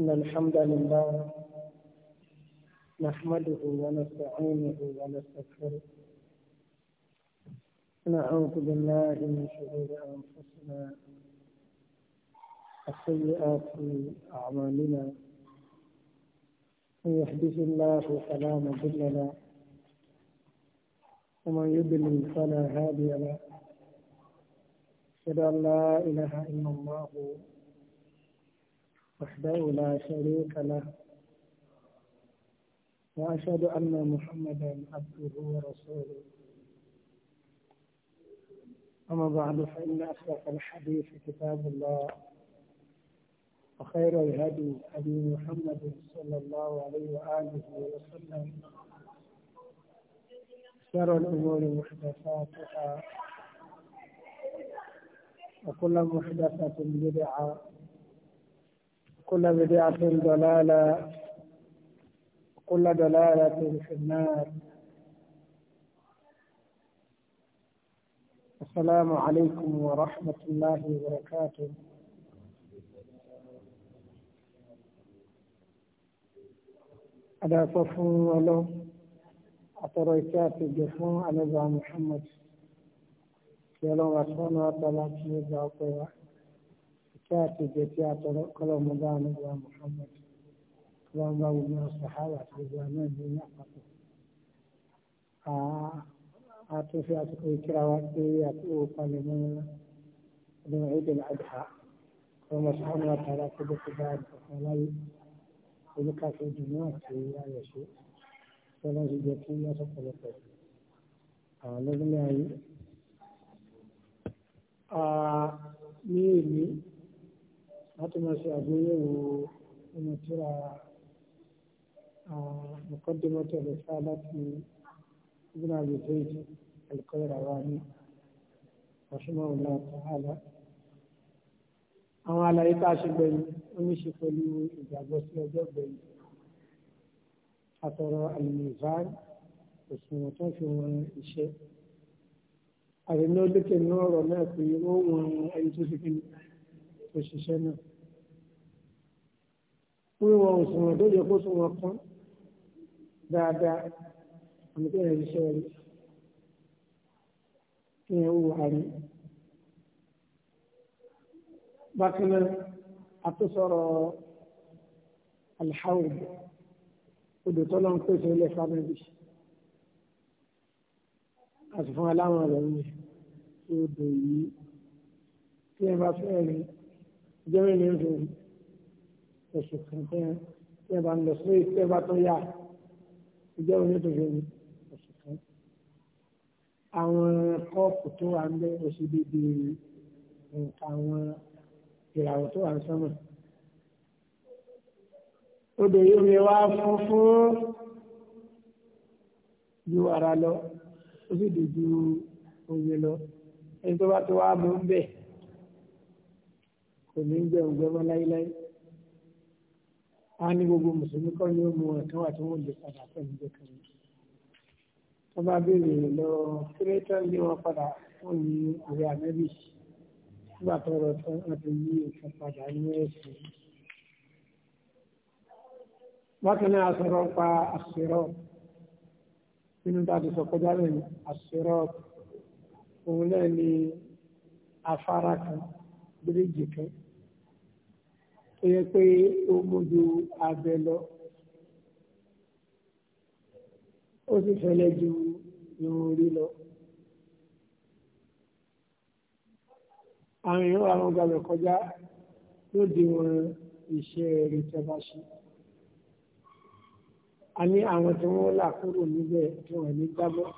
إن الحمد لله نحمده ونستعينه ونستغفره نعوذ بالله من شرور أنفسنا في أعمالنا من يحدث الله فلا مضل له ومن يضلل فلا هادي له أشهد أن لا إله إلا الله وحده لا شريك له وأشهد أن محمدا عبده ورسوله أما بعد فإن أصدق الحديث كتاب الله وخير الهدي هدي محمد صلى الله عليه وآله وسلم شر الأمور محدثاتها وكل محدثة بدعة كل بدعة ضلالة وكل ضلالة في النار السلام عليكم ورحمة الله وبركاته أنا صفون ولو أتريكات الجفون على محمد يلو أسوان وطلعت يبقى tí a ti jẹ tí a tọrọ kọlọmọ bá ní wa Muhammad kọlọmọ bá wo ní ọsàhárà tó wà náà ní ní àpapọ̀ a tó fi àsìkò ìkíra wa pé àtúwò palẹ̀ mọ́ ọdún ìdè àdìhà kọlọmọ sàánù àtàrà tó bó ti bá àdìhà láyé olùkàfẹ́ ìdùnnú àti ayọ̀ ṣe kọlọmọ sì jẹ kí wọ́n sọ̀pọ̀lọpọ̀ àwọn lọ́dún ní ayé ní èmi láti máa ṣe àgbéyẹ̀wò nínú tíra مقدمة رسالة ابن أبي زيد القيرواني رحمه الله تعالى àwọn àlàyé tá a ṣe gbẹ̀yìn ó ní ṣe pẹ̀lú ìgbàgbọ́ sí ọjọ́ gbẹ̀yìn àtọ̀rọ̀ àlùmíìfàn òṣùwọ̀n tó fi wọn iṣẹ́ àrùn náà lókè ní ọ̀rọ̀ náà pé ó wọn ẹni tó ṣe kí ni tó ṣiṣẹ́ náà wíwọ òṣùwọ̀n tó yẹ kó súnwọ̀n kán dáadáa àmì tó yẹ iṣẹ́ rí kí yẹn wù wá rí. bákan náà àtúnṣọ̀rọ̀ alhawd odò tó lọ́n pèsè ilé fámẹ́lì àti fún aláwọn ọ̀rọ̀ mi odò yìí tí yẹn bá fẹ́ rí jẹ́rìí ní ìfẹ́ oṣù kankan tí ẹ bá ń lọ sí tí ẹ bá tó yá ìjọ òní tó yẹ ní oṣù kan àwọn kọ́ọ̀pù tó wà ń bẹ oṣù bíbí nǹkan àwọn ìràwọ̀ tó wà ń sọ́mọ̀ odò omi wá fún fún ju ara lọ ó sì dùn ju omi lọ ẹni tó bá tó wá mú ń bẹ̀ kò ní í jẹun gbẹ́mọ́ láíláí a ní gbogbo mùsùlùmí kọ́ ni ó mu ẹ̀kan wà tí wọ́n lè padà pẹ̀lú ìjọkan yìí tó bá béèrè lọ kírétọ́ lé wọn padà wọ́n ní àwẹ̀ àmẹ́bí nígbà tó rọ tán àti yí nǹkan padà ní ẹ̀sìn. bákan náà a sọ̀rọ̀ pa àṣírọ́ nínú tá a ti sọ kọjá lẹ́nu àṣírọ́ òun náà ni afárá kan bíríìjì kan ó yẹ pé ó mójú abẹ lọ ó sì fẹlẹ ju irun orí lọ. àwọn èèyàn àwọn gbàgbé kọjá ló di wọn iṣẹ́ rẹ̀ tẹ́ bá ṣe. a ní àwọn tí wọ́n là kúrò níbẹ̀ tí wọ́n ní gbábọ́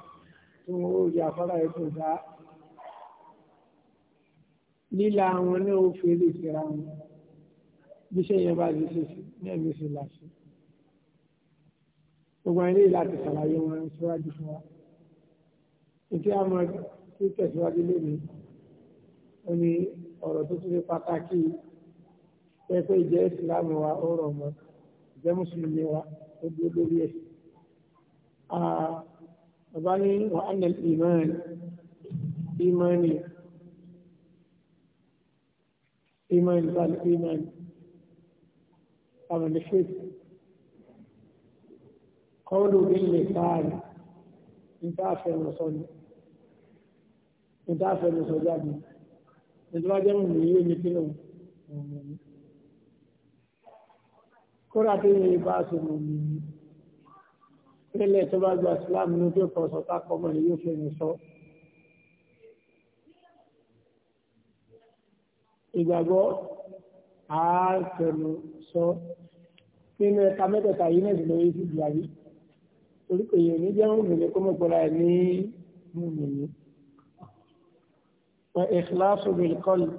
tí wọ́n ó yà afárá ẹ̀ tó dá líla àwọn náà ó fèrè síra wọn bí iṣẹ́ yẹn bá lè ṣe sí ní ẹ̀mí sí làṣẹ. gbogbo àwọn eléyìí láti ṣàlàyé wọn síwájú fún wa. ètò àmọ́ tí tẹ̀síwájú lónìí ó ní ọ̀rọ̀ tó tún ní pàtàkì pẹ́pẹ́ ìjẹ́ ìsìlámù wa ó rọ̀ mọ́ ìjẹ́ mùsùlùmí wa ó dúró lórí ẹ̀. bàbá ní wàhánà ìmánì ìmánì ìmánì ìmánì ọ̀rọ̀ lè ṣe kọ́ọ̀lù bí lè fáàrí níta àfẹnusọ ni níta àfẹnusọ jáde nítorí ajẹ́ mọ̀ nìyí omi kí lòun kóra tó yẹ bá ṣe mọ̀ nìyí tẹ́lẹ̀ tó bá gba Islam ní ojú ọ̀pọ̀ sọ́tà kọ́mọ̀ ni yóò fẹ́ni sọ. ìgbàgbọ́ àá fẹ́nu sọ. So nínú ẹ̀ka mẹ́tẹ̀ẹ̀ta yìí náà sì lórí sí ìgbà yìí torí pé èèyàn ní jẹ́ mùmìnì kó mọ̀ pẹ̀lú ẹ̀ ní mùmìnì. wọ́n ikhlasu bil qalb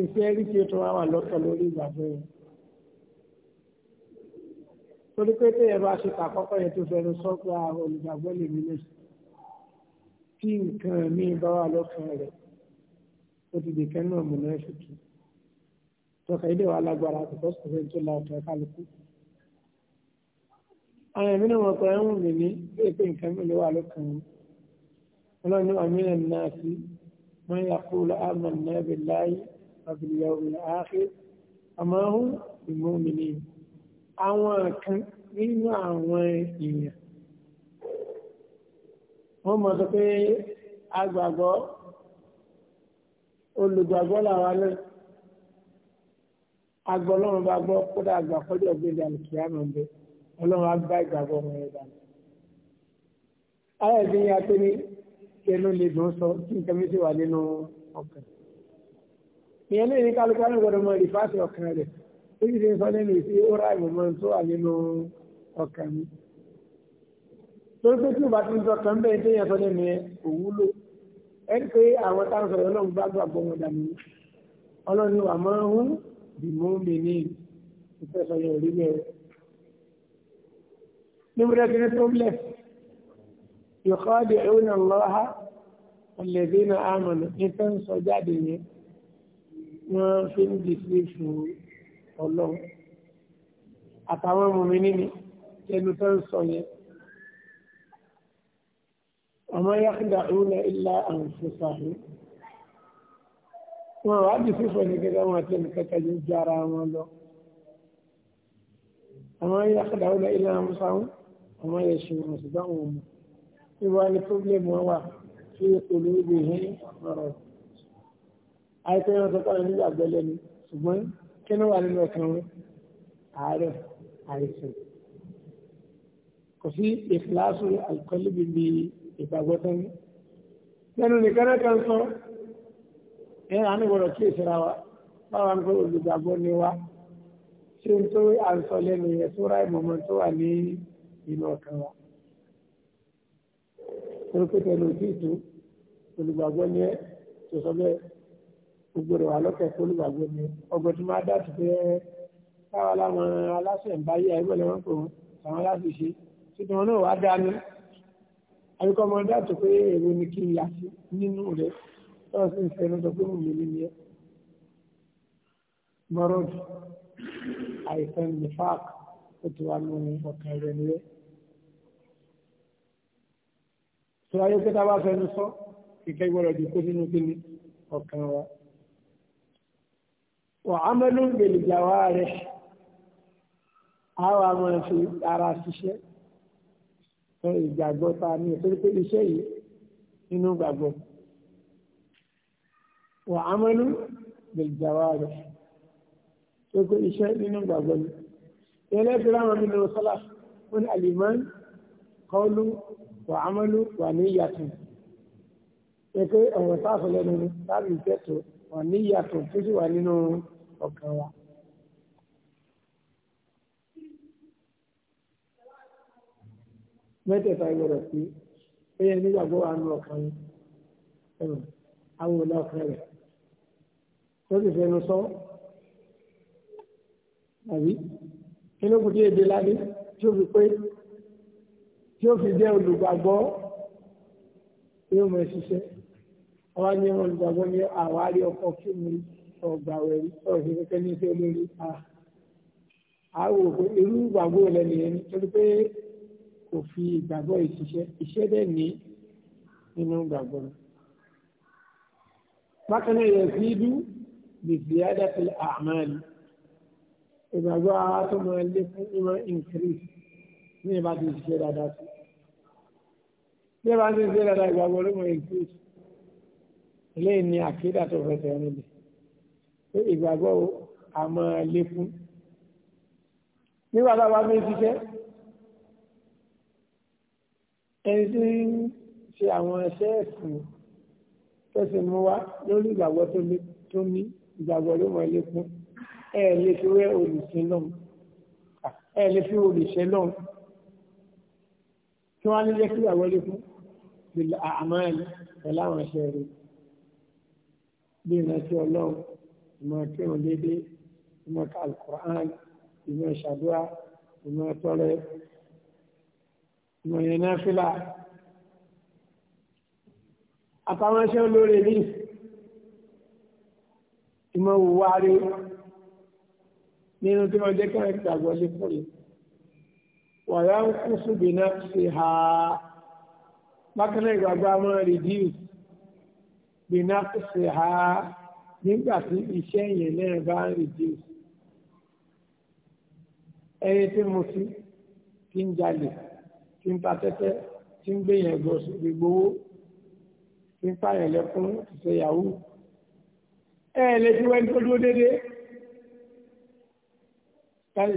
iṣẹ́ rí tí ó tún wá wà lọ́tọ̀ lórí ìgbàgbọ́ yẹn. torí pé téèyàn bá ṣe tàkọ́kọ́ yẹn tó fẹnu sọ pé ah, olùgbàgbọ́ lè mí lẹ́sìn tí nǹkan mi bá wà lọ́kàn rẹ̀ ó ti dèkẹ́ náà mú náà ṣùtù tọ́ka ilé wa lágbára àtúntò sọ̀rọ̀ tó la ọ̀tọ̀ kálukú. àwọn ẹ̀mí náà wọ́n pẹ́ ń wùn mí ní pé nǹkan mi ló wà lókàn mi. ọlọ́run ní àmì ẹ̀ náà sí wọ́n yà kú lọ àmọ̀ náà láyé àbìlẹ̀ òun àáké àmọ́ ọ̀hún ìmọ̀ mi ni àwọn kan nínú àwọn èèyàn. wọ́n mọ̀ sọ pé agbàgbọ́ olùgbàgbọ́ làwọn náà agbọ́ ọlọ́run bá gbọ́ kódà àgbà kọjọ́ gbéjà nìkìyà náà gbé ọlọ́run á bá ìgbàgbọ́ ọmọ yẹn dànù. ayọ̀ ìdí ya pé ní kẹnu lè dùn sọ kí nǹkan mi sì wà nínú ọkàn. ìyẹn náà ní kálukú àná gbọdọ̀ mọ ìfàsì ọkàn rẹ̀ ó sì ti ń sọ nínú ìsí ó rà ìmọ̀mọ́ tó wà nínú ọkàn mi. torí pé tí o bá ti ń sọ kàn bẹ́ẹ̀ tó sọ nínú yẹn kò wúlò ẹni pé àwọn táwọn sọ̀rọ̀ ọlọ́run bá gbàgbọ́ wọn dànù ọlọ́run wà máa ń bìmọ́mìnì ìfẹ́sọ̀yọ̀ orílẹ̀ rẹ̀. Níwúrẹ́ fi ní problem, yukhadi'una Allaha alladhina amanu ìfẹ́ ń sọ jáde yẹn, wọ́n fi ń di sí fún ọlọ́run. Àtàwọn ọmọ mi nínú ẹnu tó ń sọ yẹn. Wa ma yakhda'una illa anfusahum wọn wá jù fífọ́ ní gẹ́gẹ́ wọn àti ẹnìkẹta jù jù ara wọn lọ àwọn ayé akadàwọ́dà ilẹ̀ amúsáwọn àwọn ayé ṣùgbọ́n ṣùgbọ́n wọn mọ̀ ìwà ni pọ́blẹ́mù wọn wà sí ìpolú ibi ìhìn ọ̀rọ̀ àìpé wọn sọ pàrọ̀ nígbà gbẹlẹ̀ ni ṣùgbọ́n kí ló wà nínú ọkàn wọn àárẹ̀ àìsàn kò sí ìfìlásù alkọ́líbi ìgbàgbọ́tán lẹ́nu nìkan náà kan sọ ní àánú gbọ́dọ̀ kí èsì ra wa báwa ń pẹ́ olùgbàgbọ́ ni wa ṣé n tó à ń sọ lẹ́nu yẹn tó ráì mọ̀mọ́ tó wà ní ìlú ọ̀kan wa. torí pé tẹ̀lé òtí ìtú olùgbàgbọ́ ni ẹ tó sọ bẹ́ẹ̀ gbogbo rẹ̀ wà lọ́kẹ̀ kó olùgbàgbọ́ ni ọgbọ́n tó máa dá pé káwa láwọn aláṣẹ ń báyé àìgbọ́n lẹ́wọ́n pò àwọn aláṣẹ ṣe títí wọn náà wá dání àbíkọ́ ọmọ dá pé èrò ni kí n yà sí nínú rẹ̀ tọ́wọ́ sí ìfẹ́ ló sọ pé mùmí ní ni ẹ́ mọ́rọ́d àìsàn nifak ó ti wá ní ọkàn rẹ̀ ní ẹ́ tó ayé pé tábà fẹnu sọ kíkẹ́ gbọ́dọ̀ jù kó sínú kí ni ọkàn wa wà á mẹ́lú gbèlìjà wa rẹ̀ àwọn àmọ́ fi ara ṣiṣẹ́ ìgbàgbọ́ ta ní ìtorí yìí nínú gbàgbọ́ wà ámánú bẹ̀jàwárẹ̀ tó kó iṣẹ́ nínú gbàgbọ́ ni yẹlẹ́ fi ráwọn nínú sọ́lá wọn àlìmán kọlu wà ámánú wà ní yàtọ̀ pẹ̀pẹ́ ọ̀rọ̀ sáfẹ́ lẹ́nu ni láti ìtẹ́tọ̀ wà ní yàtọ̀ tó sì wà nínú ọkàn wa. mẹ́tẹ̀ẹ̀ta ìgbọ̀rọ̀ sí ẹ̀yẹ nígbàgbọ́ wà nínú ọkàn yìí àwọn ọ̀la ọkàn rẹ̀ tó sì fẹnu sọ àbí inú kùtì èdè ládé tí ó fi pé tí ó fi jẹ́ olùgbàgbọ́ yóò mọ̀ ṣiṣẹ́ àwa ní olùgbàgbọ́ ní àwárí ọkọ̀ kí ni ọ̀gbàwẹ̀ rí ọ̀sẹ̀ kẹ́kẹ́ ní iṣẹ́ olórí àwò irú ìgbàgbọ́ lẹ́nu yẹn nítorí pé kò fi ìgbàgbọ́ ìṣiṣẹ́ iṣẹ́ dẹ̀ ní nínú ìgbàgbọ́ rẹ̀. bákan náà yẹ sí dú بزيادة الأعمال إذا جاءت مؤلف إما إنكريس ní ìbá ti ṣiṣẹ́ dáadáa sí bí ìbá ti ṣiṣẹ́ dáadáa ìgbàgbọ́ ló mọ ìgbésí lẹ́yìn ní àkídà tó fẹsẹ̀ nílẹ̀ pé ìgbàgbọ́ a máa lékún nígbà táwa bí ṣiṣẹ́ ẹni tí ń ṣe àwọn iṣẹ́ ẹ̀sìn tó sì mú wá lórí ìgbàgbọ́ tó ní ìgbàgbọ́ ló mọ̀ lékún ẹ lè fi wé olùsìn lọ́hùn ẹ lè fi olùsìn lọ́hùn kí wọ́n á nílé kí ìgbàgbọ́ lékún àmọ́ ẹ̀ pẹ̀lú àwọn ẹ̀ṣẹ̀ rẹ̀ bí ìrántí ọlọ́run ìmọ̀ kírun dédé ìmọ̀ alukur'an ìmọ̀ ìṣàdúrà ìmọ̀ tọrẹ ìmọ̀ yẹn náà fìlà àtàwọn ẹ̀ṣẹ̀ olóore yìí ìmọ̀ wárí nínú tí wọ́n jẹ́ kí wọ́n gbàgbọ́ lé fún yìí wàyà ń kú síbi náà ṣe ha bákan náà ìgbàgbọ́ àwọn reduce bí náà ṣe ha nígbà tí iṣẹ́ yẹn náà bá ń reduce ẹni tí mo sí tí ń jalè tí ń ta tẹ́tẹ́ tí ń gbé yẹn gbọ́ gbogbo tí ń pààyàn lẹ́kún ṣe yahoo ẹ lè fi wẹ́n tó dúró dédé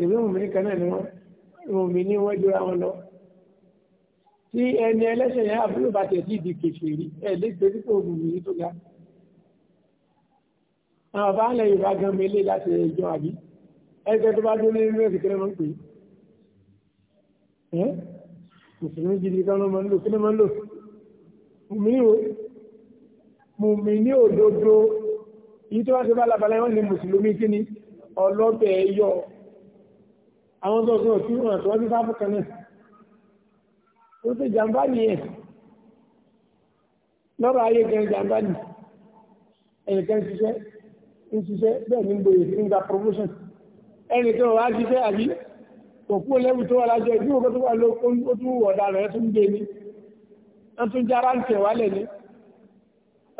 ìwé òmìnir kan náà ni wọ́n òmìnir wọ́n jọra wọn lọ tí ẹni ẹlẹ́sẹ̀ yẹn àbúrò bá tẹ̀ sí ìdí kèfèrí ẹ lè gbé pípọ̀ òmìnir tó ga àwọn ọba alẹ́ yorùbá gan mi lé láti ẹjọ́ àbí ẹgbẹ́ tó bá dúró nínú ẹ̀sìn kí ló máa ń pè é mùsùlùmí gidi kan ló lò yìí tó wá ṣe bá labalẹ̀ wọ́n ní mùsùlùmí kí ni ọlọ́bẹ̀ yọ àwọn tó sọ tí wọ́n tọ́jú sáfù kan náà ó ti jàǹbá nìyẹn lọ́rọ̀ ayé gan jàǹbá nì ẹnìkan ṣiṣẹ́ ń ṣiṣẹ́ bẹ́ẹ̀ ní gbòòrò sí ń gba promotion ẹnìkan wàá ṣiṣẹ́ àbí òkú olẹ́wù tó wà lájọ ìdúró tó wà lóko ó tún wọ̀ ọ̀daràn ẹ̀ tún gbé ni wọ́n tún jára ń tẹ̀ wálẹ̀ ni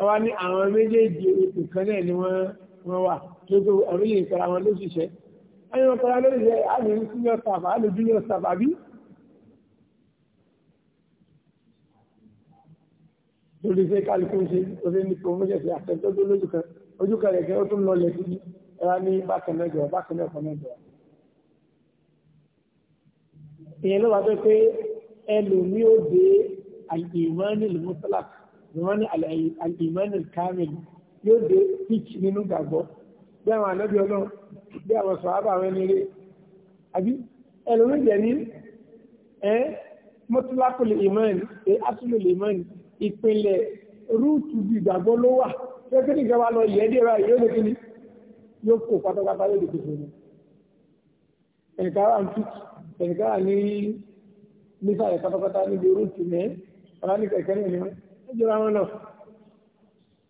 ọwá ní àwọn méjèèjì ipò kan náà ni wọ́n wà tó tó ọ̀rọ̀ yìí kọ́ra wọn lóṣìṣẹ́ ẹni wọn kọ́ra lóṣìṣẹ́ àmì ní senior staff àmì junior staff àbí. lórí ṣe kálukú ṣe oṣù ní promotion ṣe àtẹ̀tọ́ tó lójú kan ojú kan rẹ̀ kẹ́ ó tún lọ lẹ̀ sí ẹ̀rá ní bákan náà jọ bákan náà kan náà jọ. ìyẹn ló wà pé ẹlòmíì ó dé àyè ìmọ̀ nílùú mọ́sálàkì wọ́n ní alìmọ́nì kámìlì yóò dé pitch nínú gbàgbọ́ bí àwọn ànábì ọlọ́run bí àwọn sọ̀hábà àwọn ẹni rẹ̀ àbí ẹlòmíjẹ̀ ní ẹ́ mọ́tílápùlì ìmọ̀ẹ́nì ẹ́ ásùlùlì ìmọ̀ẹ́nì ìpínlẹ̀ rúùtù bí gbàgbọ́ ló wà fẹ́fẹ́ ní ìjọba lọ yẹ́ dẹ́ra yóò lè kíni yóò kó pátápátá lóde kìfò ní ẹ̀nìkára ń pitch ẹ̀nìkára ní nísàlẹ̀ pátápátá níbi rúùtù mẹ́ ọ̀rá ní kẹ̀kẹ́ náà ni wọ́n jọra wọn lọ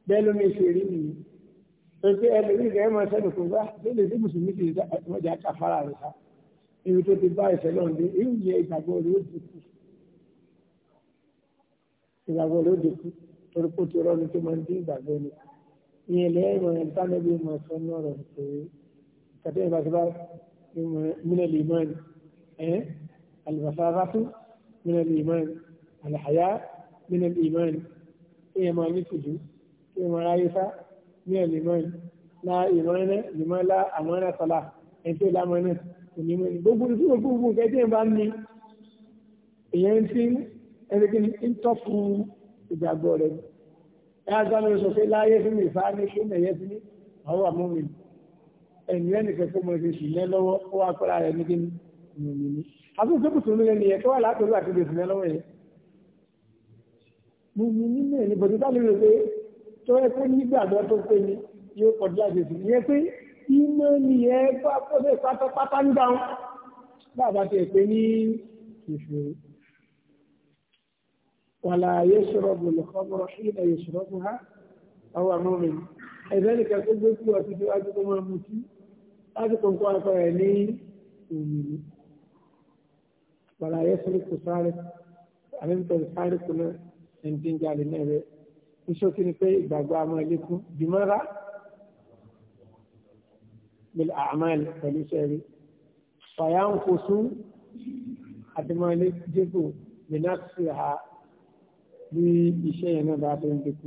bẹ́ẹ̀ ló ní ṣe rí nìyí pẹ̀lú ẹlòmíì rẹ̀ máa sẹ́nu kò bá lónìí tí mùsùlùmí ti mọ̀jà káfárà rẹ̀ sá ibi tó ti bá ẹ̀sẹ̀ náà dé irú yẹ ìgbàgbọ́ rẹ̀ ó di kú ìgbàgbọ́ rẹ̀ ó di kú torí kó ti rọ́ọ̀nù tó máa ń dín ìgbàgbọ́ ni ìyẹn lẹ́yìn mọ̀ ẹ̀ tánẹ́bí mọ̀ ẹ̀sọ́ náà rẹ̀ pé kàtẹ́ ìbáṣepá mínẹ́lì ìmọ̀ ẹ̀ alìbàṣà rátú mínẹ́lì ìmọ̀ ẹ̀ àlàyé nínú ìmọ̀ọ́nì kí ẹ máa ní tìjú kí ẹ máa ráyé sá ní ẹ̀ lèmọ́ọ̀nì la ìmọ̀ọ́nà lèmọ́ọ́lá àmọ́ọ́nà sọlá ẹni tó lámọ́ náà kò ní mọ́ni gbogbo ní gbogbo gbogbo nǹkan tí ẹ bá ní èèyàn ti ẹni kí ń tọ́ fún ìgbàgbọ́ rẹ̀ ẹ á gbọ́dọ̀ sọ pé láyé fún mi ìfá ní ṣé mẹ̀yẹ́ sí ní àwọn àmúmi ẹ̀yìn lẹ́nu kẹ́kọ́ mọ̀ ṣe sì lẹ́ lọ́wọ́ ó wá kọ́ra rẹ̀ ní kí ni àbúrò tó kù tó ní lẹ́nu yẹ kí wà látòrí àti lè sì lẹ́ lọ́wọ́ yẹn mo mi nínú ẹ̀ ní bọ̀dé bá lérò pé tó ẹ pé nígbàgbọ́ tó pé ni yóò pọ̀ díẹ̀ jésù ìyẹn pé iná ni ẹ bá pọ̀ bẹ́ẹ̀ pátápátá ń dáhùn bàbá tiẹ̀ pé ní ìṣòro. ولا يشرب الخمر حين يشربها أو مؤمن ẹ̀dẹ́nì kẹ́kọ́ gbé kú ọtí tí wájú tó máa mú sí láti kò ń kọ́ ẹ̀kọ́ ẹ̀ ní òmìnir bàlàyé sórí kò sáré àlẹ́mìtọ́ sáré kò náà ẹni tí ń jalè náà rẹ iṣẹ́ kí ni pé ìgbàgbọ́ àmọ́ ẹlẹ́kùn bìmọ́ra bíi àmàlì pẹ̀lú iṣẹ́ rí fàyà ń kó sún àdìmọ́lé dégò bìnàkì ha bí iṣẹ́ yẹn náà bá tó ń dégò.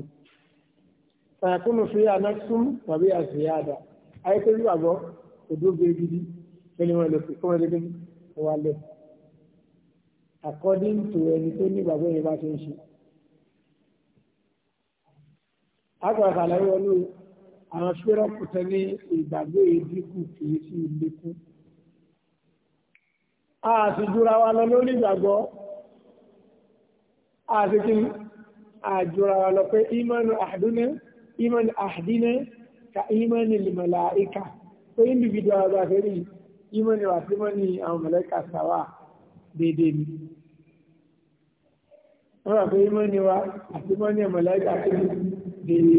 fàyàkùnù fi ànákùn tàbí àṣìyáàdà ayékèlú àgbọ̀ òdó gbégidì pẹ̀lú wọn lè fi kọ́ wọn lé wálé according to ẹni tó ní ìgbàgbọ́ yẹn bá ṣe ń ṣe. àgbàdo àlàyé wọnú àwọn fírọ́pù tẹ ní ìgbàgbé ìdínkù kìí sí ìlékún. a sì jura wa lọ lórí ìgbàgbọ́ a sì kí a jura wa lọ pé ìmánu àdúnà ìmánu àdínà ka ìmánu lìmọ̀láìka pé individual bá fẹ́ rí ìmánu àti ìmánu àwọn mọ̀lẹ́kà sáwà déédéé ni wọ́n wà pé ìmánu wa àti ìmánu mọ̀lẹ́kà sí bẹ́ẹ̀ ní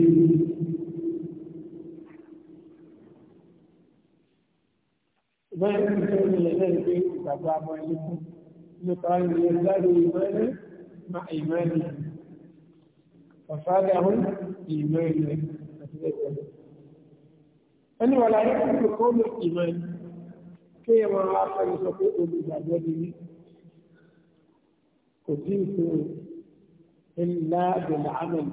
ìṣẹ́lẹ̀ lẹ́yìn pé ìgbàgbọ́ àmọ́ ilé fún nípa ìrìn ẹgbẹ́rẹ̀ ìmẹ́rẹ̀ ma ìmẹ́rẹ̀ ọ̀sáàdà hún ìmẹ́rẹ̀ àti lẹ́gbẹ̀ẹ́ ẹni wà láyé kúrò kó ló ìmẹ́rẹ̀ kí ẹ máa wá fẹ́ sọ pé olùgbàgbọ́ ni mí kò tí ì fún ẹni láàbẹ̀ làámẹ́lì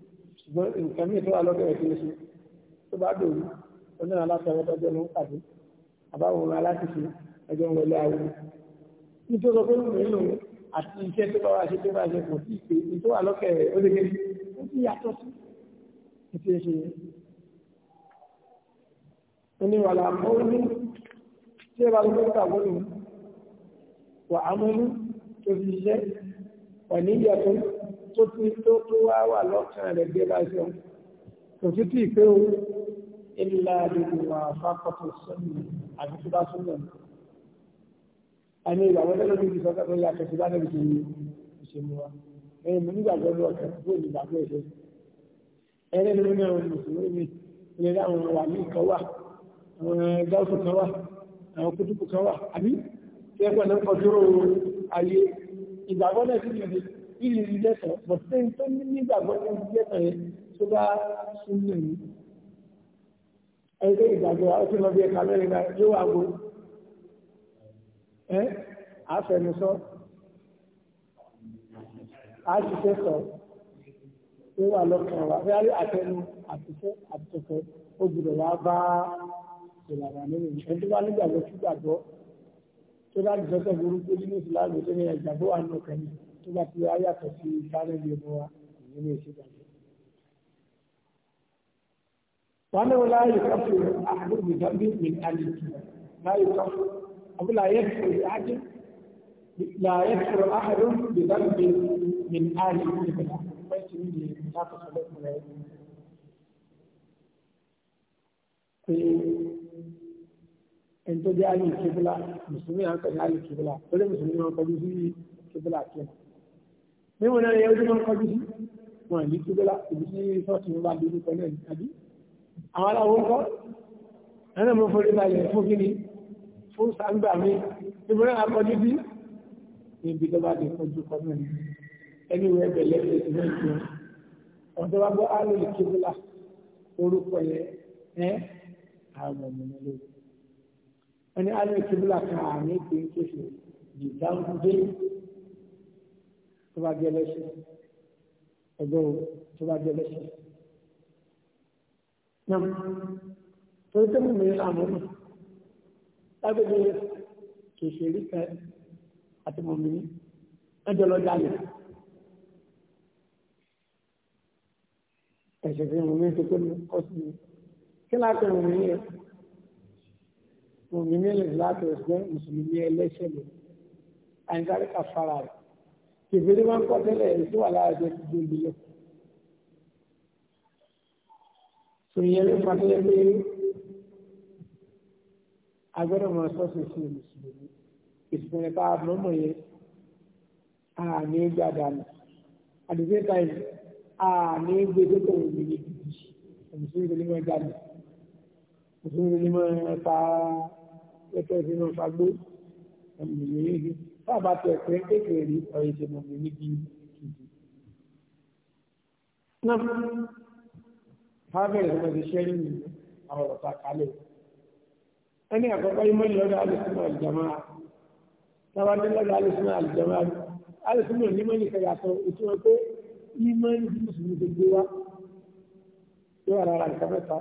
ṣùgbọ́n nǹkan mí tó wà lọ́dọ̀ rẹ̀ kí ló ṣe tó bá dòwú oníran aláṣẹ tọjọ́ ló ń pàdé àbáwọn aláṣìṣe ẹjọ́ ń wọlé awo nítorí pé nínú àti iṣẹ́ tó bá wà ṣe tó bá ṣe kò sí ìpè ní tó wà lọ́kẹ̀ rẹ̀ ó lè gbé ó sì yàtọ̀ sí ìṣe ṣe oníwàlà mọ́ọ́lù tí ẹ bá lọ́kọ́ tó tàbí wà á mọ́ọ́lù tó fi ṣiṣẹ́ wà ní ìyàtọ̀ tó ti tó tó wá wà lọ́kàn rẹ̀ gbé bá ṣe kò sí tí ìpé o ilá àdúgbò wà fákọ̀tò sọ́nù àti tó bá súnmọ̀ àní ìgbàwọ́ tẹ́lẹ̀ níbi sọ́kà tó yàtọ̀ sí lánàá ìṣe ní ìṣe mú wa ẹ̀yìn mo nígbàgbọ́ ní ọ̀kẹ́ tó ní ìgbàgbọ́ ìṣe ẹ̀rẹ́ ni mo ní àwọn mùsùlùmí mi ilé àwọn wà ní ìkan wà àwọn gáúsù kan wà àwọn kútùkù kan wà àbí tí ẹ̀kọ́ náà kọjú ayé ìgbàgbọ́ náà sì ilé rí lẹ́tọ̀ọ́ bọ̀tẹ́ tó ní nígbàgbọ́ ní ibi lẹ́tọ̀ọ́ yẹn tó bá sún lè mí. ẹgbẹ́ ìgbàgbọ́ ọtí lọ bí ẹ̀ka mẹ́rin náà yóò wá gbó ẹ́ àfẹnusọ àṣìṣe sọ tó wà lọ́kàn wa fẹ́ àtẹnu àṣìṣe àtẹ̀kọ́ ó gbọ́dọ̀ wá bá ìlànà lórí ẹni tó bá nígbàgbọ́ sí gbàgbọ́ tó bá jẹ́ burúkú nínú ìsìlámù tó ní ẹ̀gbàgbọ́ wà nù kẹ́yìn. tó bá ti wá yàtọ̀ sí sáré lè mọ́ ان ìyẹn ní ìṣe dàgbà. وأنه لا يكفر أحد بذنب من أهل لا يكفر أو لا يكفر أحد لا يكفر أحد بذنب من أهل الكتاب ليس مني لا تصدق أنت جاء لي الكبلة مسلمين عن طريق الكبلة ولا مسلمين عن طريق الكبلة كنا níwọ̀n náà yẹ ojú máa ń kọjú sí wọn ní kí bọ́lá ibi tí sọ́ọ̀tì ń bá dojú kọ náà àbí àwọn aláwọ̀ ń kọ́ ẹ̀rọ mo forí balẹ̀ fún kí ni fún sàǹgbà mi níbo náà kọjú sí níbi tó bá lè kọjú kọ náà ẹni wọ ẹgbẹ̀ lẹ́gbẹ̀ẹ́ sí tó bá jẹ́ lẹ́sìn ẹgbẹ́ o tó bá jẹ́ lẹ́sìn. Nam torí pé mo mèrè àmúlò lágbègbè kìsìrí kan àti mọ̀mìnì ẹjọ́ lọ jalè. Ẹ̀sẹ̀ fi mọ̀mìnì tó tó ní kọ́sì mi. Kí láti mọ̀mìnì yẹn? Mọ̀mìnì lè láti ẹ̀sẹ̀ mùsùlùmí ẹlẹ́sẹ̀ lọ. Àyìnká lè kà fara rẹ̀ kèfèrè máa ń kọ́ tẹ́lẹ̀ ẹ̀rí tó wà lára jẹ́ ti gbòòlù lọ. sòyìn ló fa tẹ́lẹ̀ pé agbẹ́rẹ́ máa sọ́ọ̀sì sí mùsùlùmí ìsìnkú tá a mọ̀mọ́ yẹn àní gbà dànù àdìsẹ́ táyì àní gbé tó tó wọ̀nyí ní gidi mùsùlùmí tó ní mọ̀ dànù mùsùlùmí tó ní mọ̀ ta ẹ̀kẹ́ sí mọ̀ fagbó ẹ̀mí yẹn yìí bàbá tẹ̀ pé kékeré rí ọ̀yẹ́ ṣe mọ̀mí níbi ìdí. Náà, Harvard ló ti ṣẹ́ nínú àwọn ọ̀tá kalẹ̀. Ẹni àkọ́kọ́ yìí mọ́lẹ̀ lọ́dọ̀ Alẹ́sìnà Àlìjàmá. Táwa ní lọ́dọ̀ Alẹ́sìnà Àlìjàmá. Alẹ́sìnà ní mọ́lẹ̀ kẹyàtọ̀ ìtumọ̀ pé ní mọ́lẹ̀ tí Mùsùlùmí ti gbé wá. Yóò rárá nǹkan mẹ́ta.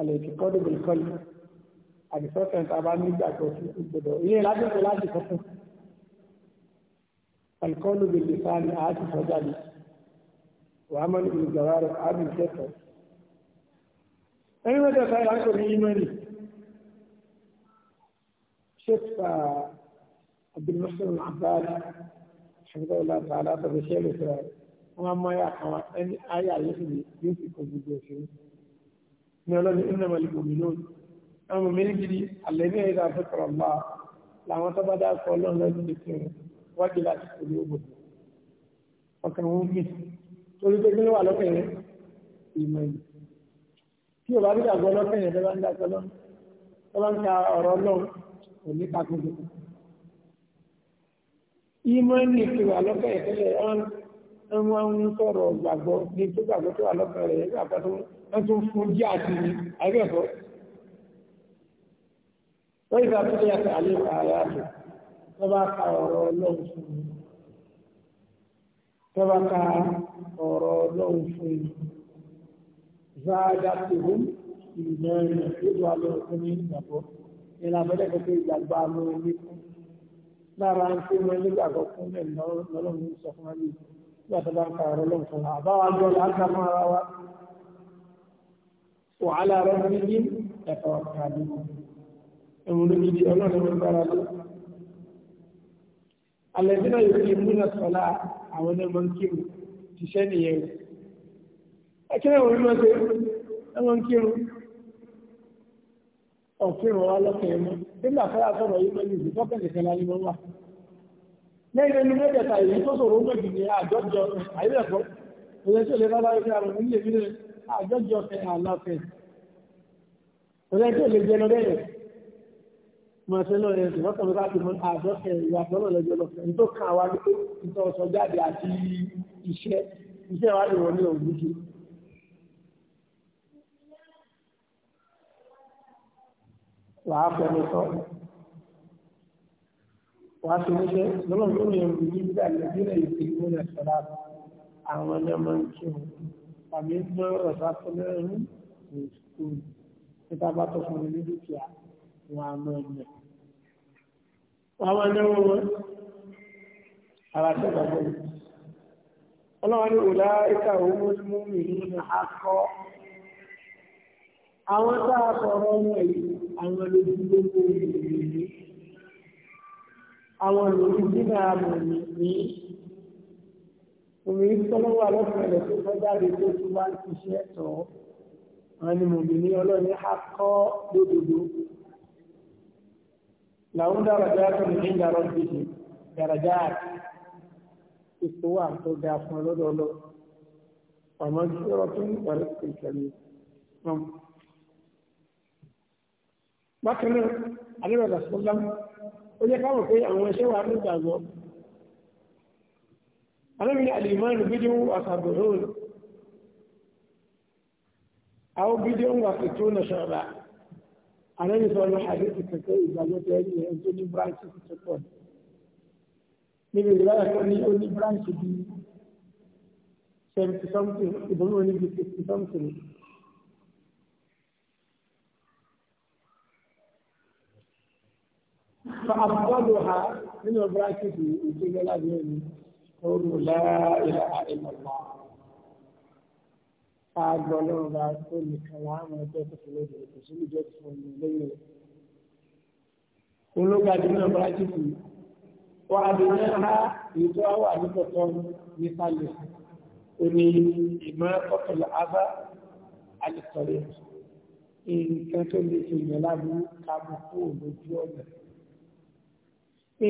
Àlẹ́ ìkọ́dọ̀ bẹ̀rẹ̀ kọ́lù àdìsọ́sẹ̀ tá a bá nígbàgbọ́ sí gbọdọ̀ ilé lásìkò láti sọ fún alikọ́lù bèbè sáni àti sọ́jáde wàhámánì olùgbàwárò àbí ìkẹ́kọ̀ọ́. ẹni mẹ́ta sáyà ń kò ní ìmẹ́lì شيخ عبد المحسن العباد حفظه الله تعالى فبشير الإسرائيل وما يا أن آية يخلي يمسك الجيوشين نقول إنما المؤمنون ọmọ mi gidi àlẹ́bí ẹ̀dá fẹ́kọ̀rọ̀ bá làwọn tó bá dá sọ ọlọ́run lọ́dún tó fi wájú láti kò ní ògbò ọkàn wọn gbì torí pé kíni wà lọ́kàn yẹn ìmọ̀ yìí tí o bá bí dàgbọ́ lọ́kàn yẹn tó bá ń dá sọ lọ́run tó bá ń ka ọ̀rọ̀ ọlọ́run kò ní kakùn tó ìmọ̀ ní ìkiri wà lọ́kàn yẹn tẹ́lẹ̀ wọn ń sọ̀rọ̀ gbàgbọ́ ní tó gbàgbọ́ tó wà lọ́kàn rẹ̀ nígbà tó ń fún jí àti wọ́n ìgbà tó lè yàtọ̀ àlè àyà rẹ̀ tó bá ka ọ̀rọ̀ ọlọ́run fún mi tó bá ka ọ̀rọ̀ ọlọ́run fún mi záàdàtìhù ìmọ̀ràn ìlú alọ́run ní ìgbàgbọ́ ìlànà ẹ̀kọ́ tó ìgbàgbọ́ alọ́run ní fún lára ń pín wọn nígbàgbọ́ fún ẹ̀ lọ́lọ́run sọ fún ẹ̀lú nígbà tó bá ń ka ọ̀rọ̀ ọlọ́run fún wa ẹ̀wọ̀n lókìdí ọlọ́run ń bára lọ. Àlẹ́bí náà yóò fi múnà sọ́lá àwọn ẹmọ ń kírun ti ṣẹ́ nìyẹn. Ẹkẹ́rẹ́ òun náà ṣe ẹmọ ń kírun. Ọ̀fíìrùn wa lọ́kẹ̀ ẹmọ. Nígbà fẹ́ra sọ̀rọ̀ yìí pẹ̀lú ìlú tọ́kẹ̀ nìkan la ní wọ́n wà. Lẹ́yìn ẹni mẹ́tẹ̀ẹ̀ta èyí tó sọ̀rọ̀ méjì ní àjọjọ àìlẹ́kọ̀ọ́ máa ṣe náà ẹ̀sìn wọ́n tọ̀mọ́ láti mọ àádọ́sẹ̀ ìwà tọ́nà lọ́jọ́ lọ ní tó kan àwa ní pé ìtọ́ ọ̀sọ̀ jáde àti iṣẹ́ iṣẹ́ wa lè wọ́n ní ògbújú. wàá fẹnu sọ wàá fi níṣẹ́ lọ́nà tó ní ògbú ní nígbà nàìjíríà ìpè mú ní ẹ̀sọ́ láti àwọn ẹni ọmọ ń kí wọn tàbí gbọ́ ọ̀sà tó lẹ́rìn ní ìsìkúlù nípa bá tó ní dúkìá wọn á mọ ẹni wọ́n máa náwó wọn ara tó gbàgbọ́ yìí ọlọ́wọ́n ní òlá ìka owó mú mi nínú akọ àwọn tá a sọ̀rọ̀ ọmọ yìí àwọn olójúlówó ìrìnnì àwọn olùdíjìnà àmọ̀mí ní omi tọ́lọ́wọ́ alọ́fẹ̀ẹ́lẹ̀ tó fẹ́ jáde tó tún bá ń ṣiṣẹ́ tọ́ àwọn ni mòmí ní ọlọ́ni akọ lódodo làwọn dára jẹ́ àtọ̀ ní ìdára bìbì dàrájà àti ìṣó wà tó ga fún ọlọ́dọ̀ ọlọ́ ọmọ ìṣòro tó ń parí ìṣẹ̀lẹ̀ náà. bákan náà alẹ́bàdà sọ́lá ó jẹ́ káwọn pé àwọn iṣẹ́ wa ní ìgbàgbọ́ alẹ́bìnrin alìmọ́ọ̀nù bídí ń wà sàbòrò àwọn bídí ń wà sí tó náà ṣọ̀rọ̀ àlẹ́ni sọ lọ àdéhùn kẹ̀kẹ́ ìgbàgbọ́ tẹ ẹ̀rí ẹ̀ tó ní bíráǹtì tó pọ̀ níbi ìlú ẹ̀kọ́ ní ó ní bíráǹtì bí seventy something ìbọn òní bí sixty something. فأفضلها من البراكة في الجلالة أقول لا إله إلا الله àgbọ̀ lọ́rùn bá tó nìkan láàmú ẹgbẹ́ tó fi lóde kò sí ìjọ tó fún mi lẹ́yìn rẹ̀. ológa àdúgbò bárakìtì wà àdúgbò ha èyí tó wà nítòtọ́ nísàlẹ̀ ó ní ìmọ̀ ọ̀tọ̀lọ̀ abá alìsọ̀rẹ̀ nǹkan tó lè fi yàn láburú kábùkù lójú ọ̀nà.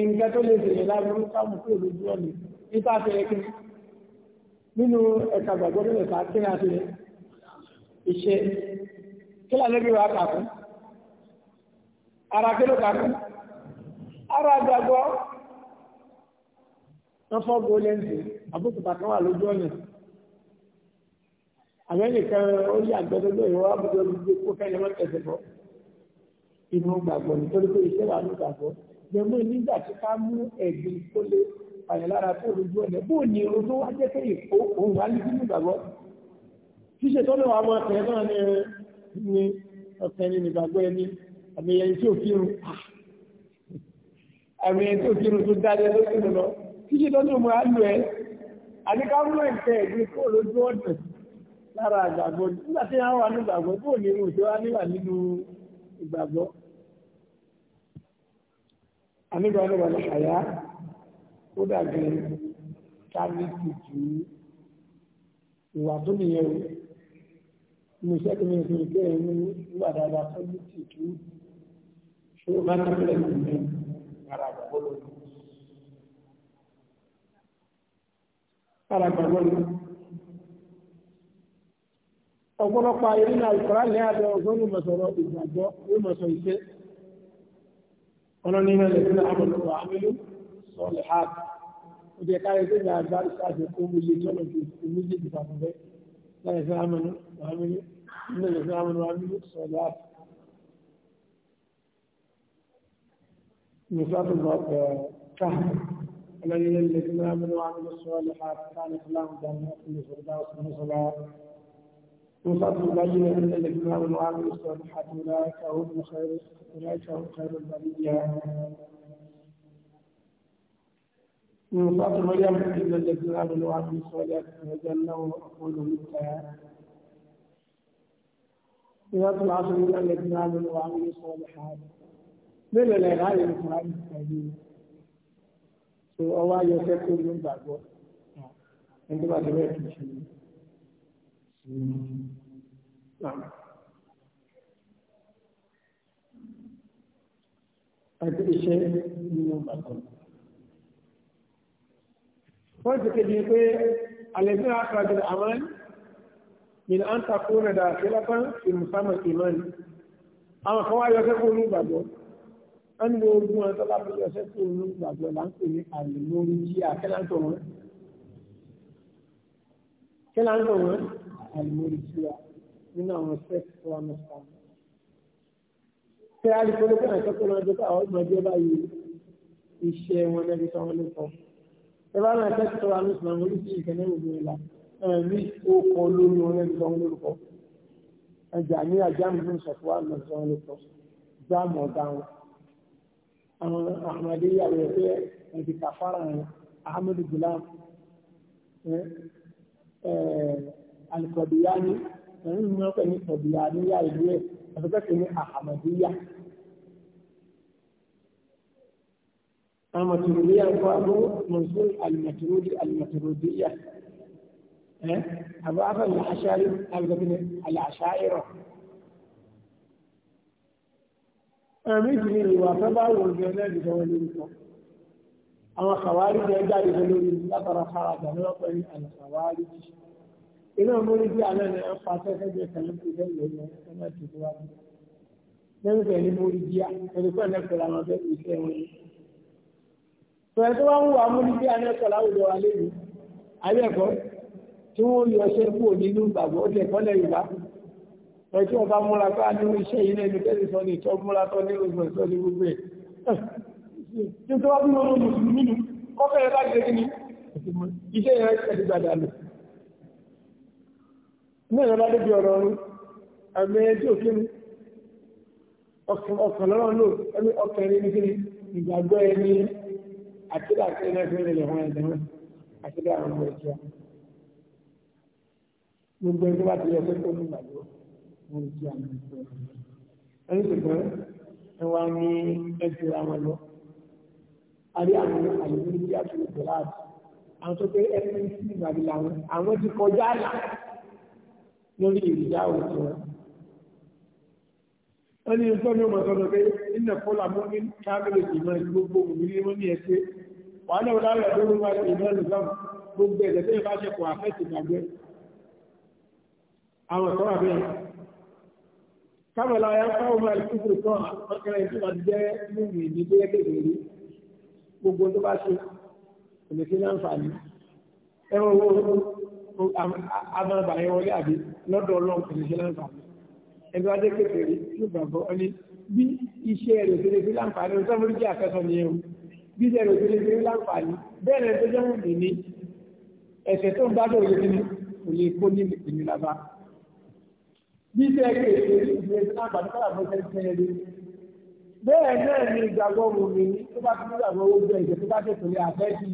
nǹkan tó lè fi yàn láburú kábùkù lójú ọ̀nà nípa fẹ́rẹ́ kí nínú ẹ̀ka gbàgbọ́ nínú ẹ̀ka tí a ti ìṣe kí lànà bí wàá kàkún ara kí ló kàkún ara gbàgbọ́ wọ́n fọ́ gólẹ́ǹsì àbúkùtà kan wà lójú ọ̀nà àmẹ́nìkan ó yí àgbẹ̀dọ́gbẹ̀ ìwọ́ àbújọ gbogbo kó kẹ́lẹ́ wọ́n tẹ̀sẹ̀ bọ́ inú gbàgbọ́ nítorí pé iṣẹ́ wà ní gbàgbọ́ gbẹ̀mú nígbà tí ká mú ẹ̀gbìn kólé pààyàn lára tó lójú ọ̀nà bó ní irun tó wá jẹ́ kéyìn òun wá ní sínú ìgbàgbọ́ ṣíṣe tó lọ́wọ́ àwọn ọ̀tẹ̀ náà ní ní ọ̀tẹ̀ ní ìgbàgbọ́ ẹni àmì ẹni tí ò kírun àmì ẹni tí ò kírun tó dájẹ́ ló kírun lọ ṣíṣe tó lọ́wọ́ á lò ẹ́ àti ká mú ẹ̀kẹ́ ẹ̀gbẹ́ kó lójú ọ̀nà lára àgbàgbọ́ nígbà tí wọ́n wà ní ìgbàgbọ́ bó ní ó dàbí kálíkì jù ìwà tó nìyẹn o mo ṣe kí mi fi kí ẹni nígbà dáadáa kálíkì jù ṣé o bá ní ilẹ̀ tó ní ara àgbàgbọ́ lónìí. ara àgbàgbọ́ lónìí. ọ̀pọ̀lọpọ̀ ayé nínú àlùkòrá ní àbẹ̀ ọgbọ́n ní mọ̀sọ̀rọ̀ ìgbàgbọ́ ní mọ̀sọ̀ ìṣe ọlọ́ni ilẹ̀ tó ní àbọ̀lọ́wọ́ àmìlú. الصالحات وده كان يقول لها البارس أتقوم اللي تولوا في المسجد فهم لا يتعاملوا وعملوا إن يتعاملوا وعملوا الصالحات نصاب الكهف الذين الذين آمنوا وعملوا الصالحات كان إخلاهم جنات الفردوس نزلا نصاب البينة إن الذين آمنوا وعملوا الصالحات أولئك هم خير أولئك هم خير البرية من صوت مريم إلا الذين آمنوا وعملوا الصالحات وجنوا وقولهم تعالى صلاة العصر إلا الذين آمنوا وعملوا الصالحات من الألغاء القرآن الكريم سوء الله يوسف من بعده عندما سمعت الشيء نعم أكل شيء من بعده pọ́ǹtì kejì ni pé alẹ́bí àkàdé àmán min an takuna da filafan fi musamman imani àwọn kan wá yọsẹ́ kó ní ìgbàgbọ́ wọ́n ní ogun ọ̀tọ́ bá fi yọsẹ́ kó ní ìgbàgbọ́ là ń pè ní àlèmórí jí àkẹ́láńtọ̀ wọn kẹ́láńtọ̀ wọn àlèmórí jí wa nínú àwọn sẹ́ẹ̀kì tó wà mẹ́ta tẹ́ àdìpọ́lọ́pọ́ àtọ́kọ́ náà dọ́kọ̀ àwọn ọmọdé ìbá náà kẹ́kọ̀ọ́ wa ló sùn àwọn oríṣi ìkẹ́lẹ́ ògùn ìlà ẹ̀mí okọ̀ lórí wọn lẹ́nu sọ wọn lórúkọ ẹjà ní àjáàmù ló ń sọ fún wa lọ sọ wọn lórúkọ jáàmù ọ̀gá wọn àwọn àmàdé yàrá ẹgbẹ́ ẹ̀dì kàfàrà ẹ̀ ahmed gulam ẹ̀ alikọ̀dìyà ni ẹ̀rín mi wọ́n pẹ̀ ní kọ̀dìyà níyà ẹ̀ àtọ́kẹ́kẹ́ المترودية قالوا منصور المترودي المترودية أضاف العشائر العشائر مثل وتبع والجنان توليكم أما خوارج يجعل توليكم نظر خرج نوطن الخوارج إذا مريد على أن أبقى تسجل كلمة ذلك كما تتواجد لم يكن مريد يعني فلكون نفس الأمر بإسلامه Sọ̀rọ̀ tó wá ń wà mú ní bí anẹ́kọ̀ láwùjọ wa léwu, ayẹ́kọ̀ tí wọ́n yọ ṣe kúrò nínú ìgbàgbọ́ ó tẹ̀kọ́lẹ̀ Yorùbá. Sọ̀rọ̀ tí wọ́n bá múra pé a nínú iṣẹ́ yìí lẹ́nu tẹ́lẹ̀ sọ ní ìtọ́ múra tọ́ nínú ìgbọ̀nsọ́ ní gbogbo ẹ̀. Títí wá bí wọn lọ mùsùlùmí nù, kọ́fẹ́ rẹ láti ṣe iṣẹ́ rẹ ẹ̀dí gbàdà lò. Ní ìrọ̀lá débi ọ̀rọ̀ ọ̀run, àmì ẹni tí òfin ọkàn lọ́rọ̀ lò, ọkàn ẹni nígbàgbọ́ ẹni àtìlá àti ilẹ̀ fún ilẹ̀ wọn ẹ̀dẹ̀ wọn àtìlá àwọn ọmọ ẹ̀jọ́ gbogbo ẹni tó bá ti yẹ pé kó ní ìgbàgbọ́ wọn ti àwọn ẹ̀jọ́ ẹni ṣùgbọ́n ẹ wá ní ẹjọ́ àwọn lọ àrí àwọn àlejò ní àti ìgbà láàbù àwọn tó pé ẹni tí ìgbàgbọ́ làwọn àwọn ti kọjá àlà lórí ìrìjà òkú wọn wọ́n ní ni. ọmọ sọ́dọ̀ pé ìnà fọ́lá mọ́mí káàmìlì ìmọ̀ ìgbógbó òmìnirí wọ́n ní ẹ̀ṣẹ́ wà ní ọ̀dá rẹ̀ lórí wá sí ìlú ẹ̀lùsọ́m gbogbo ẹ̀jẹ̀ tó yẹ bá ṣe kò àfẹ́sì gbàgbé àwọn ẹ̀kọ́ àbẹ́ kámẹ́lá ya káwọn máa kú fún ìtọ́ ọkẹ́rẹ́ tó bá jẹ́ mímú ìdí tó yẹ kéde rí gbogbo tó bá ṣe kò lè fi láǹfààní ẹ̀rọ owó abáǹbà yẹn wọlé àbí lọ́dọ̀ ọlọ́run kò lè fi láǹfààní ẹ̀rọ adé kékeré yóò gbàgbọ́ ọ ní bí iṣẹ́ rẹ̀ bí ẹ̀rọ ìgbélébélé láǹfààní bẹ́ẹ̀rẹ̀ tó jẹ́ wọ́n ní ẹ̀sẹ̀ tó ń bá dọ̀ lórí ní kò lè kó ní ìpínlẹ̀ lábá. bí ẹ̀rọ ìgbélébélé láǹfààní kọ́lá bó ṣe ń tẹ́lẹ̀ lé. bẹ́ẹ̀ náà ni ìgbàgbọ́ mu mi ní tó bá tún ìgbàgbọ́ owó bẹ́ẹ̀ ìjẹ́ tó bá tẹ̀ tó lé abẹ́ ti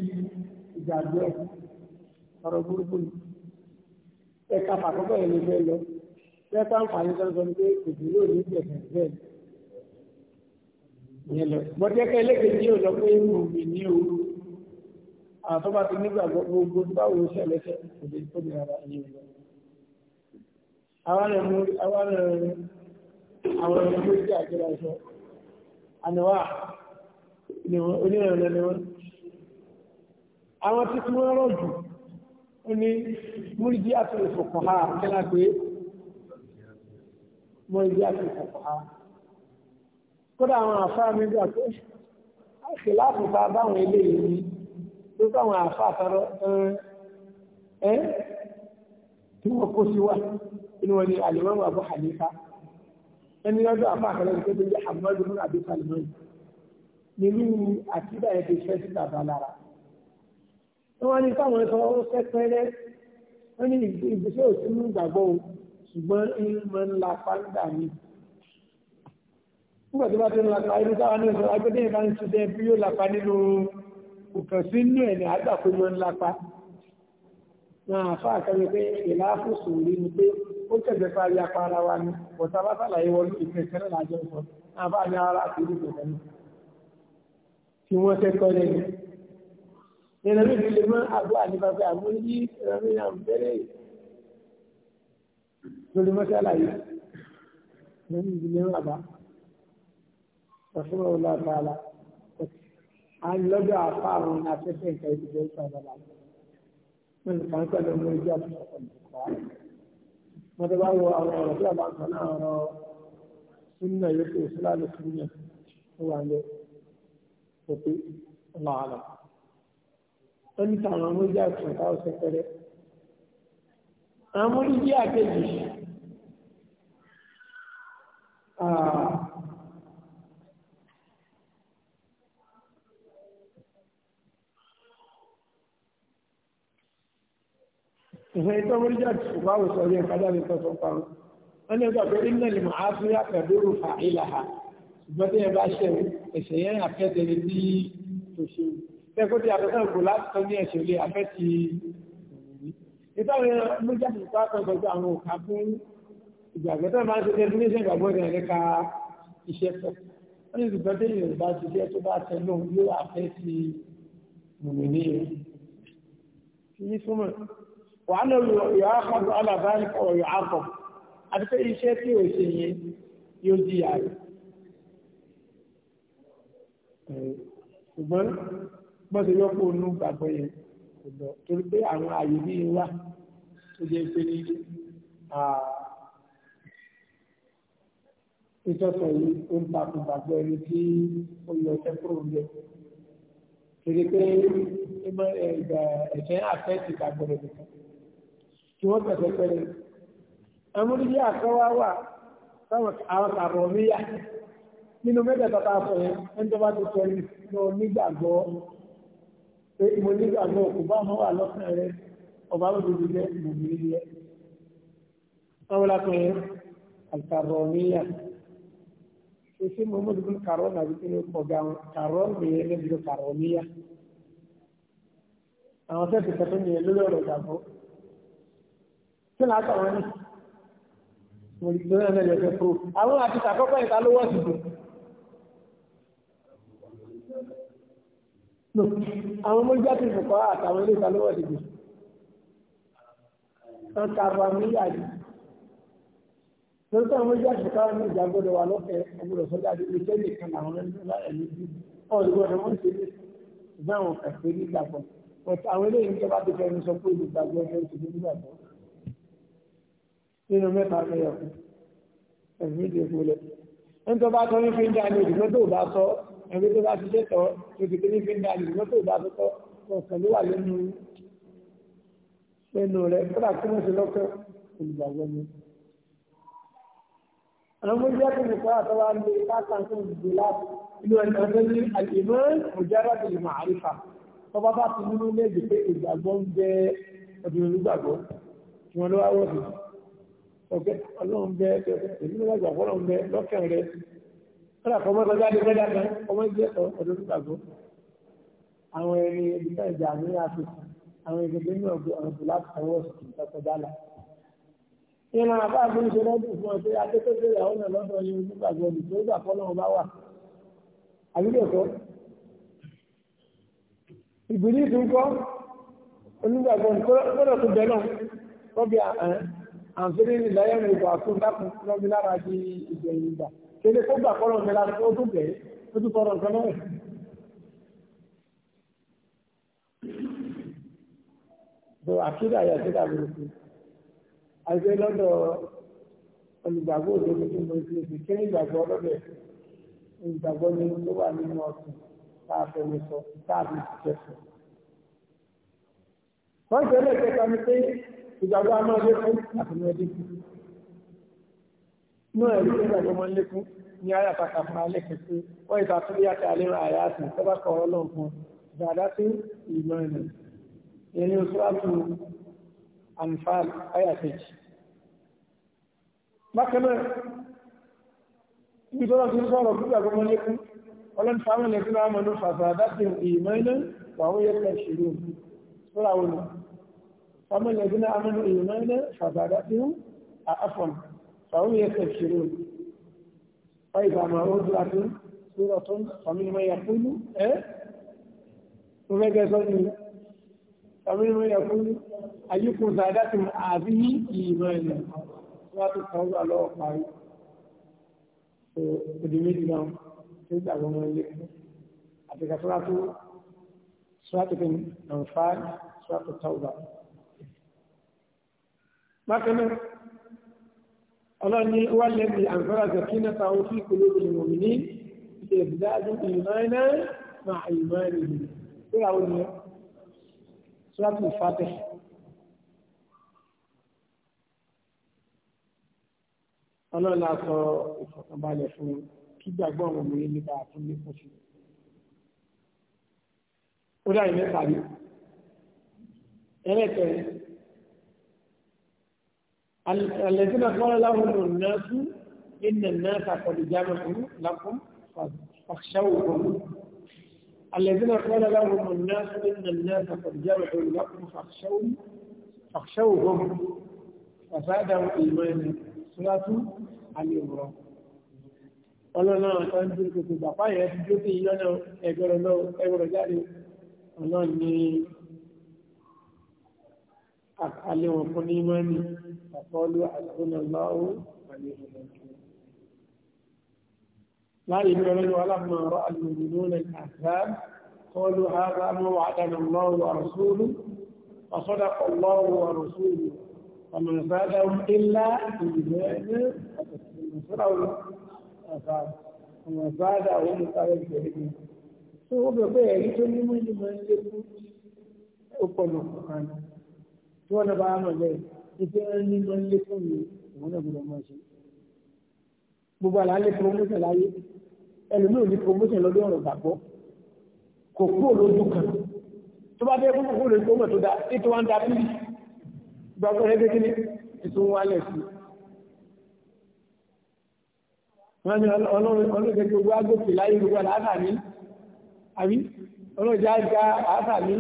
ìgbàgbọ́ ẹ̀ ọ̀rọ̀ burúkú ni. ẹ̀ka pàkọ́kọ́ yẹn ló fẹ́ lọ ìyẹn lọ bọ́jẹ́kẹ́ ẹlẹ́gbẹ̀ẹ́ yóò lọ pé mòmí ní òru àtọ́bà ti nígbàgbọ́ gbogbo báwo sẹ́lẹ̀sẹ̀ òde tó ní ara ẹ̀yìn lọ. àwọn ẹ̀mú àwọn ẹ̀mú tí àjọra sọ àníwá onírànlẹ́ ni wọ́n. àwọn tí tí wọ́n rọ̀ jù ó ní múrídí àti ìfọ̀kànhá kí wọ́n pè é àti ìfọ̀kànhá kódà àwọn àfáà mi gbà pé àṣì láti fa báwọn eléyìí ni tó káwọn àfáà kan ẹ tí wọn kó sí wa inú wọn ni alimami abu hanifa ẹni lọ́dọ̀ àfáà kan lẹ́yìn tó ti ń jẹ hamadu bin abi salimani nínú àtibá ẹ̀ ti fẹ́ sí bàbá lára wọ́n ní káwọn ẹ̀sọ́ ó sẹ́pẹ́rẹ́ wọ́n ní ìgbésẹ̀ òsínú ìgbàgbọ́ ṣùgbọ́n ń mọ́ ńlá pàǹdà mi nígbà tó bá ti lápá irú táwọn ní ìṣòro agbẹ́dé ìbá ń ṣiṣẹ́ bí yóò lápá nínú òkàn sí inú ẹ̀ ní àgbà pé yóò ń lápá wọn àfa àkàrẹ pé ìlà àfòsùn rí ni pé ó kẹ̀gbẹ́ pa ayé apá ara wa ni bọ̀tá bá sàlàyé wọn ní ìpín ìṣẹ́lẹ̀ lájọ sọ àfa ní ara àti ìlú ìṣẹ̀lẹ̀ ni tí wọ́n kẹ́kọ̀ọ́ lẹ́nu ìrẹ̀lẹ́ mi lè mọ́ àbúrò àdébàbẹ́ àmúyí ìrẹ̀lẹ́ yà ń bẹ̀rẹ̀ lórí mọ́ṣáláyé ìrẹ̀lẹ́ mi lè mọ́ àbá ọ̀ṣun ọ̀la tààlà alọ́dọ̀ àfáàrùn afẹ́fẹ́ nǹkan ìdíje ìṣàbàlà wọn kà ń pẹ̀lú ọmọ ìjọ àtúnṣe ọ̀dùnkọ́ wọn tó bá wọ àwọn ọ̀rọ̀ tí a bá kàn náà ọ̀rọ̀ súnmọ̀ yòókù ìṣúlálẹ̀ súnmọ̀ tó wà lé òkú ọ̀làlà wọn ní tàwọn ọmọ ìjọ àtúnṣe táwọn ṣẹpẹrẹ àwọn ọmọ ìjọ àkejì ìfẹ́ ìtọ́ mọ́ríjà ti ṣùgbọ́n àwọn sọ̀rọ̀ yẹn kájà ní tọ́tọ́ parun wọ́n ní ọgbà pé iná lè máa fi àpẹ̀dúró fa ìlà ha ṣùgbọ́n tí yẹn bá ṣe ẹ̀ṣẹ̀ yẹn àfẹ́tẹ̀ ní bí tó ṣe bẹ́ẹ̀ kó ti àtọ́sán kò láti tọ́ ní ẹ̀ṣẹ̀ lé afẹ́ ti ìtàwọn mọ́ríjà ti pa ní ìgbàgbọ́ tí yẹn bá tó bá tẹ lóhun yóò àfẹ́ ti mùmìnir kí yí súnmọ́ wà á lọ́rọ̀ yọ ákọ́dù alábáyé ọ̀rọ̀ yọ ákọ́ àti pé iṣẹ́ tí ò ṣe yẹn yóò di ààrẹ ṣùgbọ́n gbọ́dọ̀ yọ kó onú gbàgbọ́ yẹn kò lọ torí pé àwọn ààyè bí wà tó jẹ́ pé ní ìtọ́sọ̀ yìí ó ń takò gbàgbọ́ ẹni tí ó yọ ọṣẹ kúrò ń bẹ. Kìrì pé ẹ̀jẹ̀ àfẹ́ ti gbàgbọ́ rẹ̀ nìkan tí wọ́n gbẹ̀sẹ̀ pẹ̀lẹ́. amúdíjí àkọwá wà táwọn àbọ̀ mi yá nínú mẹ́tẹ̀ẹ̀ta tá a sọ yẹn ẹni tó bá ti sọ yìí lọ nígbàgbọ́ pé mo nígbàgbọ́ kò bá mọ́ wà lọ́kàn rẹ ọba lódodo jẹ́ ìbòmí yẹ. àwọn lakùn yẹn àtàbọ̀ mi yá ṣe muhammadu bin karon àbí kí ni ó kọ̀ gan karon nìyẹn lẹ́bi karon mi àwọn tẹ́sí kẹtọ́ nìyẹn lórí ọ̀rọ̀ ìgbàgbọ́ kí ni àtàwọn ẹni mo lè gbé náà lẹ́yìn ẹ̀fẹ́ pro àwọn àti àkọ́kọ́ ìta ló wọ́ síbò no àwọn ọmọ ìjáde ìbùkọ́ àtàwọn ilé ìta ló wọ́ síbò wọn ka ba mílíà yìí lóòótọ́ àwọn ìjáde ìbùkọ́ àwọn ìjà gbọ́dọ̀ wà lọ́fẹ̀ẹ́ ọgbọ́dọ̀ sọ́jà àti iṣẹ́ nìkan làwọn ẹni bí ọ̀dùgbọ́dọ̀ wọ́n ti lè gbá àwọn kàfé nígbàgbọ́ àwọn ilé ìjọba ti fẹ́ẹ́ sọ nínú mẹ́ta fẹ́yà fún ẹ̀mí méjì ìpínlẹ̀ ẹni tó bá tọ́ ní fi ń dá ní òdìgbọ́n tó bá sọ ẹni tó bá ti ṣe tọ́ tó ti ní fi ń dá ní òdìgbọ́n tó bá tọ́ ọ̀sán ló wà lẹ́nu lẹ́nu rẹ̀ kódà tí wọ́n ṣe lọ́kẹ́ olùgbàgbọ́ ni. àwọn ọmọ ìjẹ́ kí nìkan àtọwà ń lè káàkà ń fún láti inú ẹni ọ̀sẹ̀ ní àlìmọ́ òjára ti mọ̀ tó bá ọ̀gẹ́ ọlọ́run bẹ́ èmi ló lágbà fọ́lọ́run bẹ́ lọ́kàn rẹ̀ kọ́lá kọ́ mọ́ sọ́jáde fẹ́dá kan ọmọ ìgbẹ́ ẹ̀tọ́ ọdún tó gbàgbọ́ àwọn ẹni ìdíkà ìjà ní áfíríkà àwọn ìgbẹ́gbẹ́ ní ọ̀gbẹ́ àwọn tó láti ọwọ́ sí ìtọ́kọjá là. ìyẹn náà bá àbúrò ṣe lọ́dún fún ọ pé akẹ́kọ̀ọ́ ìyàwó náà lọ́dọ̀ ni onígbàgbọ́ ni tó gbà fọ́lọ́run bá wà. àbíkẹ́kọ̀ọ́ ìgbìlì ìtúkọ́ onígbàgbọ́ ni kọ́lọ́ tó bẹ náà kọ́ bí àǹfẹ́rẹ́ ní ìlàyé rẹ̀ ìgbà tó dákun lọ́bí lára di ìgbẹ̀yìn ìgbà kéde tó gbà kọ́rọ̀ mi lára tó tó bẹ̀ẹ́ tó tó tọrọ nǹkan náà. bó àkídà yà sí dàbí òkú àìsí lọ́dọ̀ olùgbàgbọ́ òdodo tó mọ ìfẹ́ ìfẹ́ kí ní ìgbàgbọ́ ọlọ́bẹ̀ ìgbàgbọ́ ni tó wà nínú ọ̀sùn tá a fẹ́ mi sọ tá a fi ṣiṣẹ́ sọ. wọ́n ṣe lẹ́sẹ̀ kan ní pé ìgbàgbọ́ a máa lékún àti máa dínkù náà rí ìgbàgbọ́ máa lékún ní ayàtàkà fún alẹ́kùn sí wọ́n ìta tún bí àti àlẹ́ àyà sí tọ́bá kọ ọlọ́run fún dàdá sí ìmọ̀ ẹ̀nà ìrìn oṣù àtù Anfal ayàtẹ̀jì bákan náà ibi tó lọ́sí sọ̀rọ̀ fún ìgbàgbọ́ máa lékún ọlọ́run fáwọn ẹ̀kún láwọn mọ̀nú fàfà dá sí ìmọ̀ ẹ̀nà wàhún yẹ وأما الذين آمنوا إيمانا فزادتهم عفوا فهم يستبشرون فإذا ما أنزلت سورة فمن ما يقول إيه ومجازني فمن ما يقول أيكم زادتهم هذه إيمانا سورة التوبة الله قال ìdìmẹ́jì náà tí ó gbàgbọ́ wọn lé àti kàtúrà tó bákan náà ọlọ́ni wàlẹ́bí àǹfààní àjọkínà táwọn fi kúló ní ìwòmí ní ìṣe ìdájú ìmáná máa ìmáná ìlú pé àwọn ènìyàn sọ́tù fàtẹ̀. ọlọ́run aṣọ ìfọ̀kànbalẹ̀ fún kí gbàgbọ́ àwọn ọmọ yẹn nípa àtún ní pọ̀sí. ó dá ìmẹ́ta rí ẹlẹ́tẹ̀ẹ́ الذين قال لهم الناس إن الناس قد جمعوا لكم فاخشوهم الذين قال لهم الناس إن الناس قد جمعوا لكم فاخشوهم فاخشوهم فزادهم إيمانا سورة الإمرأة ọlọ́nà àtàndì kòkòrò bàbá yẹn ti jó sí ìyọ́nà ẹgbẹ̀rún náà ẹgbẹ̀rún jáde ọlọ́ni àkàlẹ̀ wọn fún ní mọ́ni àkọọ́lù àtúnà láwọ́ láyé ní ọlọ́run aláàmà ọ̀rọ̀ alùmùnúnà àzáàb kọlu hàrá mọ́ wà dánà lọ́wọ́ àrùsúlù ọ̀sọ́dà ọlọ́wọ́ àrùsúlù ọmọ ìsáàdà ńlá ìgbẹ́ ní ọ̀sọ́dà àzáàb ọmọ ìsáàdà òun sáré ìgbẹ́ tó ó bẹ̀ pé ẹ̀rí tó ní mọ́ ìlú mọ́ ilé fún ọpọlọ kọ̀ọ̀kan tí wọ́n lọ́ba àmọ̀ lẹ́yìn ìpè ẹni lọ ń lékún mi òun náà gbọdọ̀ mọ̀ ṣe. gbogbo àlá lé promotion láyé ẹlòmíì ò ní promotion lọ́dún ọ̀rọ̀ gbàgbọ́ kò kúrò lójú kan tó bá fẹ́ kó kúrò lójú kan tó dá ètò wa ń da bíbí gbàgbọ́ kékeré ètò wa lẹ̀ sí. wọ́n ní ọlọ́run ọlọ́run gbogbo agbókè láyé gbogbo àlá àtàmì àbí ọlọ́run já àtàmì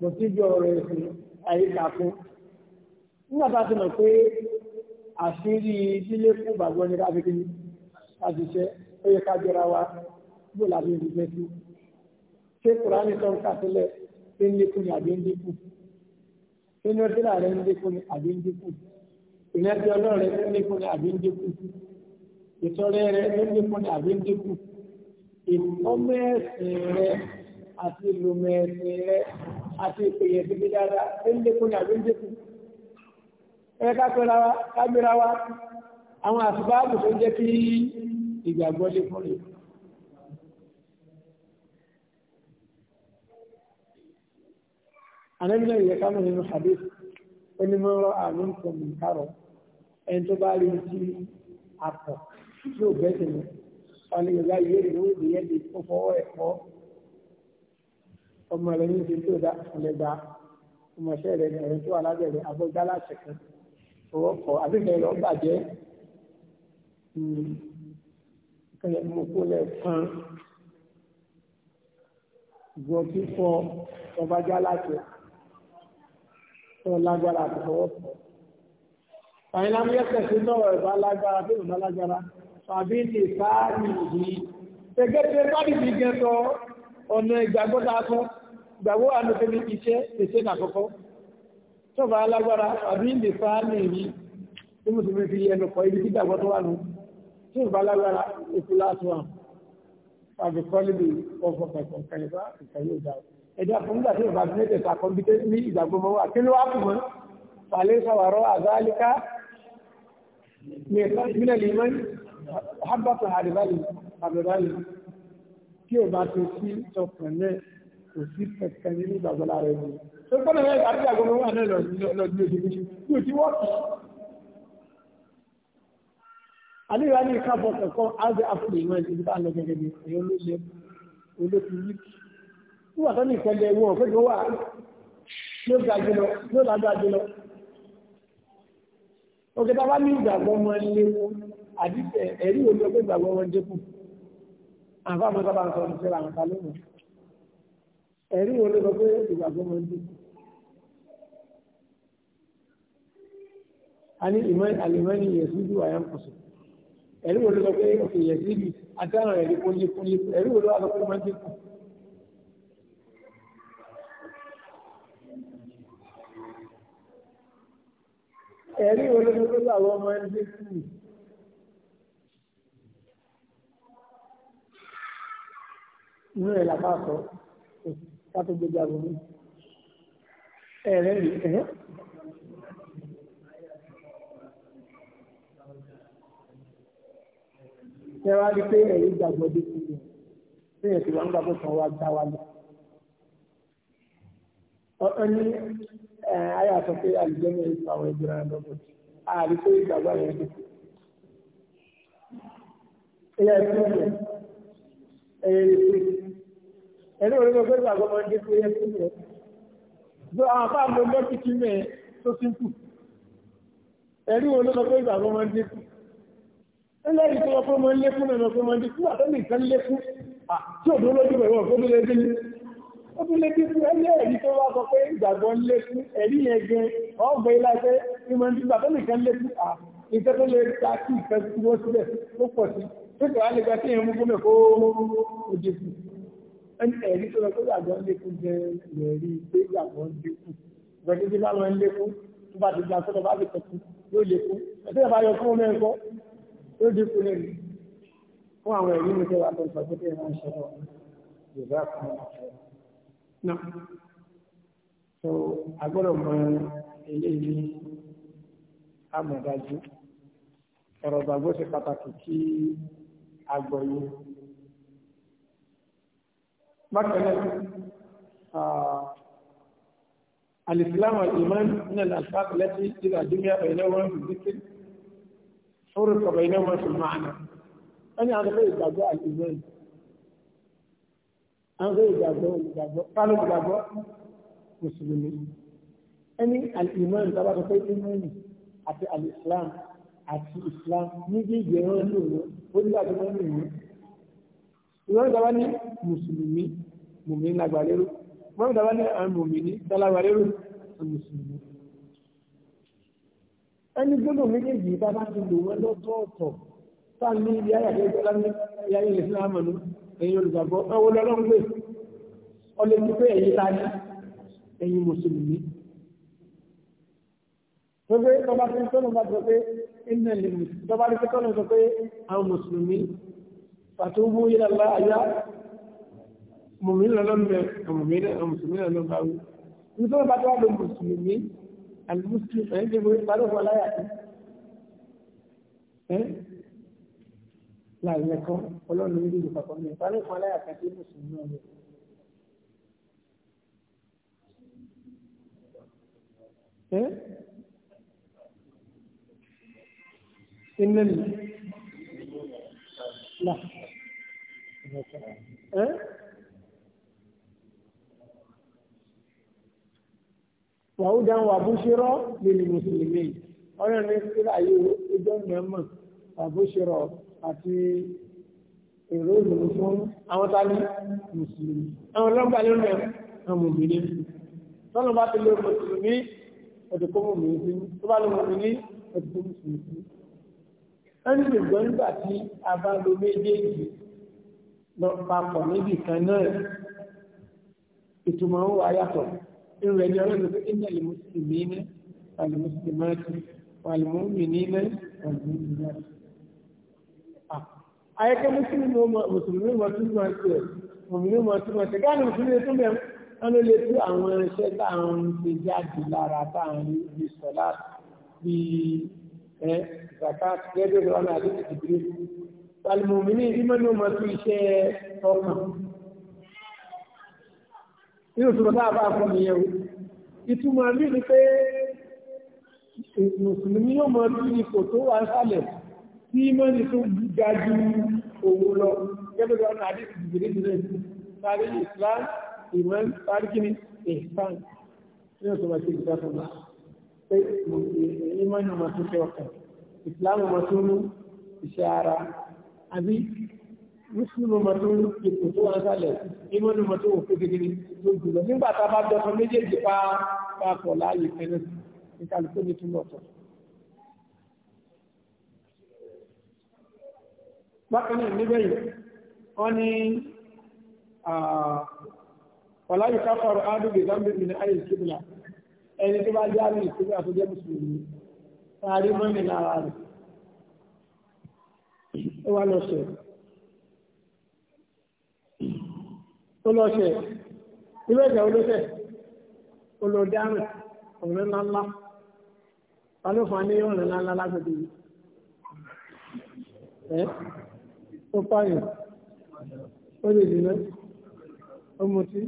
lọ sí ibi ọ̀rọ̀ ẹ̀sìn àyíká fún. Nígbà tá a ti mọ̀ pé àṣírí ìdílé fún ìgbàgbọ́ ni ká fi kí ni ká fi ṣe ó yẹ ká jọra wa bó làbí ìdílé sí. Ṣé Kùránì tó ń kà sílẹ̀ ṣé ń lékún ni àbí ń dínkù? Ṣé ní ọdún ààrẹ ń lékún ni àbí ń dínkù? Ìrẹsì ọlọ́rẹ̀ ń lékún ni àbí ń dínkù? Ìtọ́rẹ́ rẹ̀ ń lékún ni àbí ń àti ìlòmọ̀ ẹ̀sìn rẹ àti ìpèyẹ̀ síbi dáadáa tó ń dékun ní àbí ń dékun. ẹ kápẹ́ra wa kábíra wa àwọn àsìbáàbù tó jẹ́ kí ìgbàgbọ́ lè fún rẹ̀. àlẹ́ nílẹ̀ ìyẹ̀ká mọ̀ nínú hadith ó ní mọ́ rọ́ àrùn tó mú kárọ̀ ẹni tó bá rí sí àpọ̀ yóò bẹ́ẹ̀ tẹ̀lé ọ̀lẹ́yìn láyé ìlú ìdíyẹ́ ọmọ rẹ ní ibi tí ó dá ọ̀lẹ́ gba ọmọọṣẹ́ rẹ ní ọ̀rẹ́ tó wà lábẹ́rẹ́ abọ́já láti kan owó kọ àbíkẹ́ lọ bàjẹ́ hmm. kẹlẹ́ mú kó lẹ̀ kan gbọ́ kíkọ ọbàjá láti tó lágbára àti fọwọ́ kọ. àyìnlá mi yẹ́sẹ̀ sí lọ́wọ́ ìbá lágbára bí ìbá lágbára tàbí ti sáà nìyí. gẹ́gẹ́ bí ẹ bá dìbì gẹ́tọ́ ọ̀nà ìgbàgbọ́ ta kọ́ ìgbàgbọ́ wà lókè ní iṣẹ́ ìṣẹ́ nàkọ́kọ́ tọ́ba alágbára àbí ìlè fáánì yìí tí mùsùlùmí fi ẹnu kọ ibi tí ìgbàgbọ́ tó wà nù tí ìbá alágbára èkó láti wà tàbí kọ́lébì ọgbọ̀n kẹ̀kọ́ kẹ̀lẹ́fà ìkẹyẹ ìgbà ẹ̀dá fún ìgbà tí ìbá fi mẹ́tẹ̀ẹ̀ta kọ́ ní ìgbàgbọ́ mọ́ wà kí ló wá tí ò bá ti sí ọkàn náà kò sí kankan nínú ìgbàgbọ́ lára ẹni. tó gbọ́dọ̀ rẹ̀ àti àgbọ̀n wà náà lọ́dún lóṣù méjì tí ò ti wọ́ọ̀kì. àlèrà ní ìkábọ̀ kankan ágbẹ́ àfọ̀lẹ̀ ìwọ̀n ìdílé bá lọ gẹ́gẹ́ bí èèyàn ló ṣe olókùn yìí. wíwà tó ní ìpẹ́lẹ̀ ẹ̀wọ̀n fẹ́gbẹ́ wà ló ga jùlọ ló lágbá jùlọ. òkè tá a bá ní ẹ̀rí òun lọ pé ìgbàgbọ́ wọn àfáàmọ́ sábà ń sọ ní síra àwọn kalẹ́mù ẹ̀rí wo ló sọ pé ìgbàgbọ́ máa ń dì a ní àlèmọ́ni yẹ̀sídù àyàn kùsù ẹ̀rí wo ló sọ pé òkè yẹ̀sídù àti àwọn ẹ̀rí kúnlé kúnlé ẹ̀rí wo ló wà lọ́pọ̀ máa ń dínkù ẹ̀rí wo ló sọ pé àwọn ọmọ ẹni dínkù inú ẹ̀ làbá sọ kátó gbégbá gbogbo ẹ̀rẹ́ rí ẹ̀rẹ́. ṣé wàá rí pé ẹ̀rí gbàgbọ́ dé sí i ṣé èsì wọn gbàgbọ́ kan wá gbá wa lọ. ọ̀tọ̀ ní àyà sọ pé àlùjẹ́ ní ìfọ̀ àwọn ẹgbẹ́ rẹ̀ lọ́gbọ̀n àrí pé ìgbàgbọ́ rẹ̀ dé sí i ẹyẹ ẹgbẹ́ ẹyẹ ẹgbẹ́ ẹni orí ọgbẹ́ ìgbàgbọ́ máa ń gé fún ẹyẹ tó rẹ̀ so àwọn afá àmọ́ ọgbẹ́ kìkì mẹ́ tó simple ẹni orí ọgbẹ́ ìgbàgbọ́ máa ń gé fún ẹlẹ́yìn tó ọkọ̀ máa ń lé fún ẹ̀nà ọkọ̀ máa ń gé fún àtọ́lẹ̀ ìkan lé fún tí ò dúró lójú ẹ̀wọ̀n tó lé dín ó tún lé dín fún ẹlẹ́ ẹ̀rí tó wá sọ pé ìgbàgbọ́ ń lé fún ẹ̀rí yẹn gan ọgbẹ́ ilá ẹgbẹ́ ìmọ̀ ní àtọ́lẹ̀ ìkan lé fún à ìfẹ́ tó lè ta sí ìfẹ́ tó síbẹ̀ tó pọ̀ sí tó sì wá lè gba sí ẹ̀mú gómẹ̀ kó ó dé fún ẹni ẹ̀rí tó lọ pé gbàgbọ́ ń lékún jẹ ẹ̀rí pé gbàgbọ́ ń lékún ìgbàgbọ́ tí bá lọ ń lékún tó bá ti gba sọ́dọ̀ bá lè tẹ̀kún yóò lékún ẹ̀sẹ̀ ìbá yọ fún ọmọ ẹ̀kọ́ yóò dínkù lẹ́nu fún àwọn ẹ̀rí mi tẹ́wàá tó ń sọ pé kí ẹ̀ máa ń yorùbá kan náà so agbọ́dọ̀ mọ eléyìí amọ̀dájú ọ̀rọ̀ gbàgbọ́ ṣe pàtàkì kí agbọ̀yìn بكنا آه الإسلام والإيمان من الألفاظ التي إذا جمع بينهما في الذكر فرق بينهما في المعنى أنا هذا غير إجابة الإيمان أنا غير إجابة قالوا إجابة مسلمين أني الإيمان تبقى في إيماني حتى الإسلام حتى الإسلام نيجي جيران له كل هذا ìmọ̀mí tàbá ní mùsùlùmí mùmí lágbàlérò ìmọ̀mí tàbá ní àwọn mùmí ní lágbàlérò mùsùlùmí. ẹni gbọ́dọ̀ méjèèjì bá bá ti lò wọ́n lọ́tọ̀ọ̀tọ̀ táà ní ilé ayàgbé ìjọba ní ilé ayé ìlẹ̀sìn àmọ̀nù ẹ̀yin olùgbàgbọ́ ẹwọ́ lọ́lọ́gbẹ̀ ọlẹ́ ti pé ẹ̀yin tani ẹ̀yin mùsùlùmí. Gbogbo tọ́ba tí tọ́nà bá sọ pé iná mùsùlùmí fàtúbù ilẹ̀ ńlá ayá mùmínà lọ́nbẹ̀ mùmínà mùsùlùmínà ló bá wí nítorí wọn bá tó wà lọ mùsùlùmí àti mùsùlùmí ẹni tí wọn bá lọ wọ láyà ẹ láàrin ẹ̀kọ́ ọlọ́run ní ìlú papọ̀ ní ìparí kan láyà kan sí mùsùlùmí ọ̀rẹ́. إنني لا wàhúdà wà búṣírọ́ lèlè mùsùlùmí ọ̀rẹ́ rẹ̀ síra yìí ìjọ mẹ́mọ̀ wà búṣírọ́ àti èrò ìlú fún àwọn tání mùsùlùmí àwọn ọlọ́gbà ló rẹ̀ àwọn obìnrin tọ́nà bá ti lè mùsùlùmí ọ̀dẹ̀kọ́ mùsùlùmí tó bá lè mùsùlùmí ọ̀dẹ̀kọ́ mùsùlùmí ẹni lè gbọ́ nígbà tí a bá lo méjèèjì lọ papọ̀ níbi kan náà ìtumọ̀ ó wà yàtọ̀ irú ẹni ọlọ́run pé iná lè mùsùlùmí ní àlùmùsùlùmáàtì àlùmùmìní ní àlùmùmìní. ayẹkẹ mùsùlùmí ọmọ mùsùlùmí ọmọ tún máa ṣe mùsùlùmí ọmọ tún máa ṣe káàdì mùsùlùmí tún bẹ̀rẹ̀ wọn ló lè tú àwọn irinṣẹ́ tá à ń ṣe jáde lára tá à ń sọ̀lá bíi ẹ̀ zakat gẹ́gẹ́ bí wọn àdéhùn alùmọ̀mí ní ìmọ̀nù mọ̀ sí iṣẹ́ ọkàn nínú tó bá bá fún mi yẹn o ìtumọ̀ mi ni pé mùsùlùmí yóò mọ sí ipò tó wà sálẹ̀ tí ìmọ̀nì tó ga ju òun lọ gẹ́gẹ́ bí ara àbí mùsùlùmọ̀ mọ̀ tó ipò tó wọn sálẹ̀ ìmọ̀nù mọ̀ tó òkú kékeré tó jùlọ nígbà tá a bá jọ méjèèjì pa papọ̀ láàyè fẹ́rẹ́ ní kálukú ní túnbọ̀ tọ̀. bákan náà níbẹ̀ yìí wọ́n ní ọ̀láyìí káfọ̀rọ̀ ádùgbè zambi ní ayé ó wá lọ sẹ̀ ó lọ sẹ̀ ilé ìjà olóṣẹ̀ ó lọ dáhùn ọ̀rẹ́ ńláńlá ta ló fún wa ní ọ̀rẹ́ ńláńlá lágbègbè yìí ẹ́ ó pààyàn ó lè dìnnà ó mutí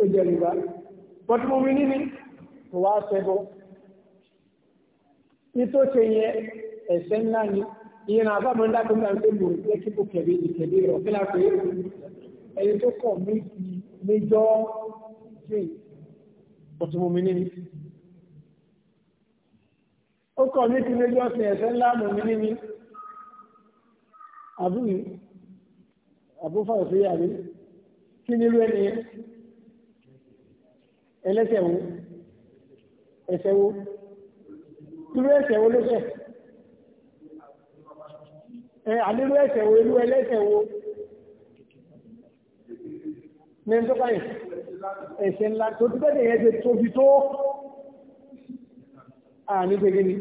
ó jẹ rìbá bọ́tí mo mi níní kò wá ṣẹbọ ní tó ṣe yẹ ẹ̀ṣẹ̀ ńlá ni ìyẹn àbá máa ń dá gbọ́dá tó lò lẹ́kìbò kẹ̀lé ìkẹ̀lé rẹ̀ ọ̀fẹ́ láti rí ẹni tó kọ̀ méjì méjọ́ jìn ọ̀túnmọ̀mí nínú. ó kọ̀ méjì méjọ́ sí ẹ̀sẹ̀ ńlá mọ̀mí nínú. àbúrò àbúfà òṣèyà rí kí nílò ẹni yẹn ẹlẹ́sẹ̀ wo ẹsẹ̀ wo irú ẹsẹ̀ wo ló fẹ́ ẹ àlérú ẹ̀ṣẹ̀ wo irú ẹlẹ́ṣẹ̀ wo ní ẹni tó káyè ẹ̀ṣẹ̀ ńlá tó ti bẹ́ẹ̀ yẹn ṣe tóbi tó àní gbẹgẹ ni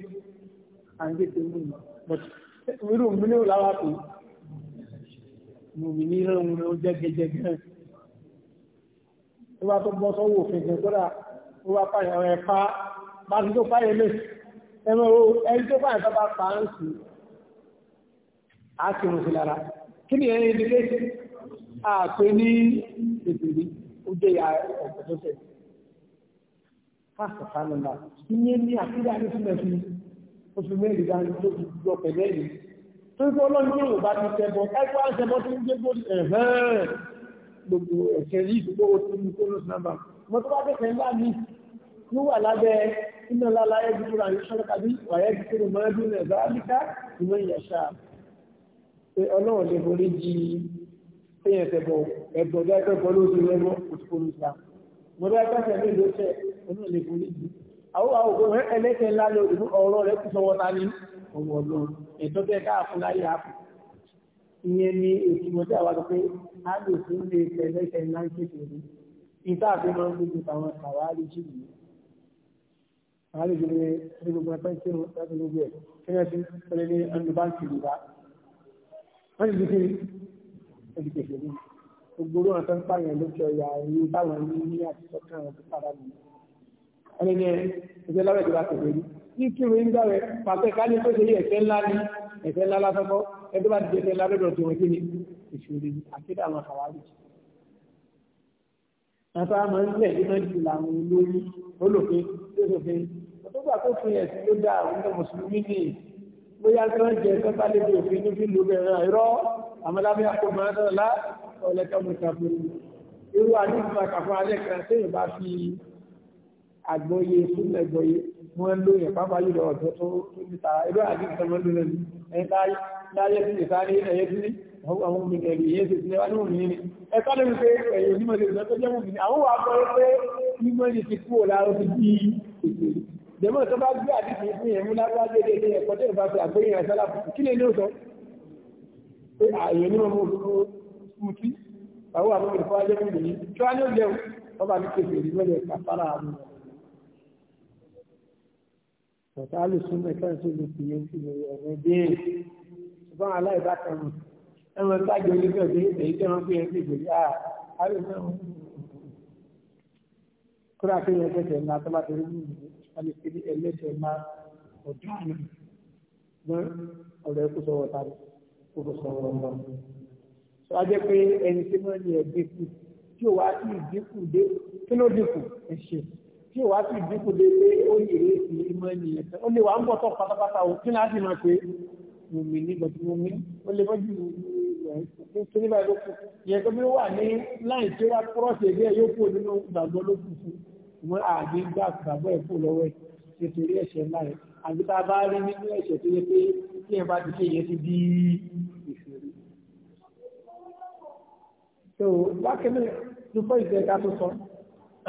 à ń gbẹgbẹ mú mi but irú mi ní òláwà pé mo mi ní ìrìn òun ló jẹgẹjẹgẹ tó bá tó bọ́ sọ́wọ́ òfin ìgbẹ́ kódà ó wá pààyàn ẹ̀ pa bá ti tó pààyàn lè ẹ̀mọ́ ẹni tó pààyàn tó bá pa á ń sùn á ti rùn sí lára kí ni ẹ̀yìn ìdílé àpé ní ìdílé ó jẹ́ ìyá ọ̀pọ̀ tó tẹ̀. fásitì kánúlà ìyẹn ní àkídá ní sílẹ̀ fi oṣù mẹ́rin dání tó fi gbọ́ pẹ̀lẹ́ yìí tó ń sọ ọlọ́run ní òun bá ti tẹ́bọ ẹgbẹ́ àṣẹbọ tó ń gbé bóri ẹ̀hẹ́n gbogbo ẹ̀ṣẹ̀ yìí tó gbówó tó ní kóló sinaba mo tó bá ní sọ́dọ̀ kàbí wàyẹ́ pé ọlọ́run lè borí jí péyàn tẹ̀bọ̀ ẹ̀bọ̀ bí akẹ́kọ̀ọ́ ló ti lẹ́gbọ́ òtúkúrú ìta mọ̀dé akẹ́kọ̀ọ́ mi ló tẹ̀ ọlọ́run lè borí jí àwọn àwọn òkú ẹlẹ́kẹ̀ ńlá lè òdùnú ọ̀rọ̀ rẹ̀ kú sọwọ́ ta ní ọmọ ọlọ́run ẹ̀tọ́ tẹ káàkùn láyé àpò ìyẹn ni èsì mọ̀dé àwọn àti pé a lè fi ń lè tẹ̀ ẹlẹ́kẹ̀ ńlá ń kéde rí ìta àfi máa ń gbógun tàwọn kàwárí jì yìí kàwárí jì ní gbogbo ẹgbẹ́ tí wọ́n ti gbogbo ẹ̀ kí wọ́n ti pẹ̀lẹ́ ní ọdún báńkì ìlú wọ́n ti di kí wọ́n ti pèsè ní gbogbo àwọn tó ń pààyàn lókè ọ̀yà ìlú táwọn ní ní àtijọ́ kan àwọn tó padà nù. ẹni ní ẹsẹ̀ lọ́wọ́ ìjọba kò lórí ní kí wọ́n ń gbàwẹ̀ pàṣẹ ká ní kó ṣe yí ńlá ní ẹ̀ṣẹ̀ ńlá lásánfọ́ ẹgbẹ́ bá ti di ẹ̀ṣẹ̀ ńlá lọ́dọ̀ ni ìṣòro àkédà àwọn àwárí. àti àwọn ọmọ ilé ìdíná ti làwọn olórí olófin lóṣòfin ọ̀tọ́gbà tó fi ẹ̀sìn ló dá àwọn bóyá tí wọ́n jẹ tó bá lè bí òfin ní fílù bẹ̀rẹ̀ ìrọ́ àmàlábí àkómọ́lá ọ̀lẹ́kọ̀ọ́mùsàfún irú àdúgbà kàfún alẹ́kà tí yìí bá fi àgbọ́yé fúnlẹ̀ gbọ́yé wọ́n ló yẹ pápá yìí ọ̀dọ́ tó níta irú àdúgbà wọn ló lẹ́nu ẹni láyé sí ìsáré ẹ̀yẹ sí ní àwọn omi ẹ̀rì yẹn sì sílẹ̀ wọn ní ẹ̀ka lórí pé ẹ̀yẹ onímọ̀ dẹ̀mọ́ tó bá gbé àdìsí fún yẹn mú lágbájé dédé ẹ̀kọ́ tó ìbá fi àgbéyìn àṣálà kí lè ní ó sọ pé ààyè ní ọmọ olóró mú sí àwọn àwọn olùkọ́ ajé mú nìyí tí wọ́n ní ó jẹun wọ́n bá ní kéfì èdè mẹ́lẹ̀ kàfàrà àmì ọ̀tá alùsùn mẹ́ta tó lè fi yẹn sí ọ̀rẹ́ dé ṣùgbọ́n aláìbákan mọ̀ ẹmọ ìtajọ onífẹ́ bí èyí tẹ́ wọ́n fi ẹ̀ àbí síbi ẹlẹ́sẹ̀ máa ọ̀dọ́ àná gbọ́n ọ̀rọ̀ ẹ̀kú sọ̀rọ̀ ta ni kó kó sọ̀rọ̀ ọ̀rọ̀ sọ wá jẹ́ pé ẹni tí wọ́n ní ẹ̀gbẹ́ kù tí ò wá sí ìdínkù dé kí ló dínkù ẹ̀ṣẹ̀ tí ò wá sí ìdínkù dé pé ó yè é sí ìmọ̀ ènìyàn ó lè wà ń bọ̀ tọ̀ pátápátá o kí láti máa pé mo mi ní gbọ̀dọ̀ mo mi ó lè mọ́jú kí nígbà ló kù ìyẹn tó bí ó wà ní láì tí ó wá kúrọ̀ọ̀sì ẹgbẹ́ yóò kú nínú ló kù wọn àgbé gbà gbàgbọ́ ẹ̀kú lọ́wọ́ ẹ̀ nítorí ẹ̀ṣẹ̀ ńlá rẹ̀ àbí tá a bá rí nínú ẹ̀ṣẹ̀ tó yẹ pé tí ẹ̀ bá ti ṣe ìyẹn ti bí ìṣòro. tó bákan náà dúpọ́ ìṣẹ̀ká tó sọ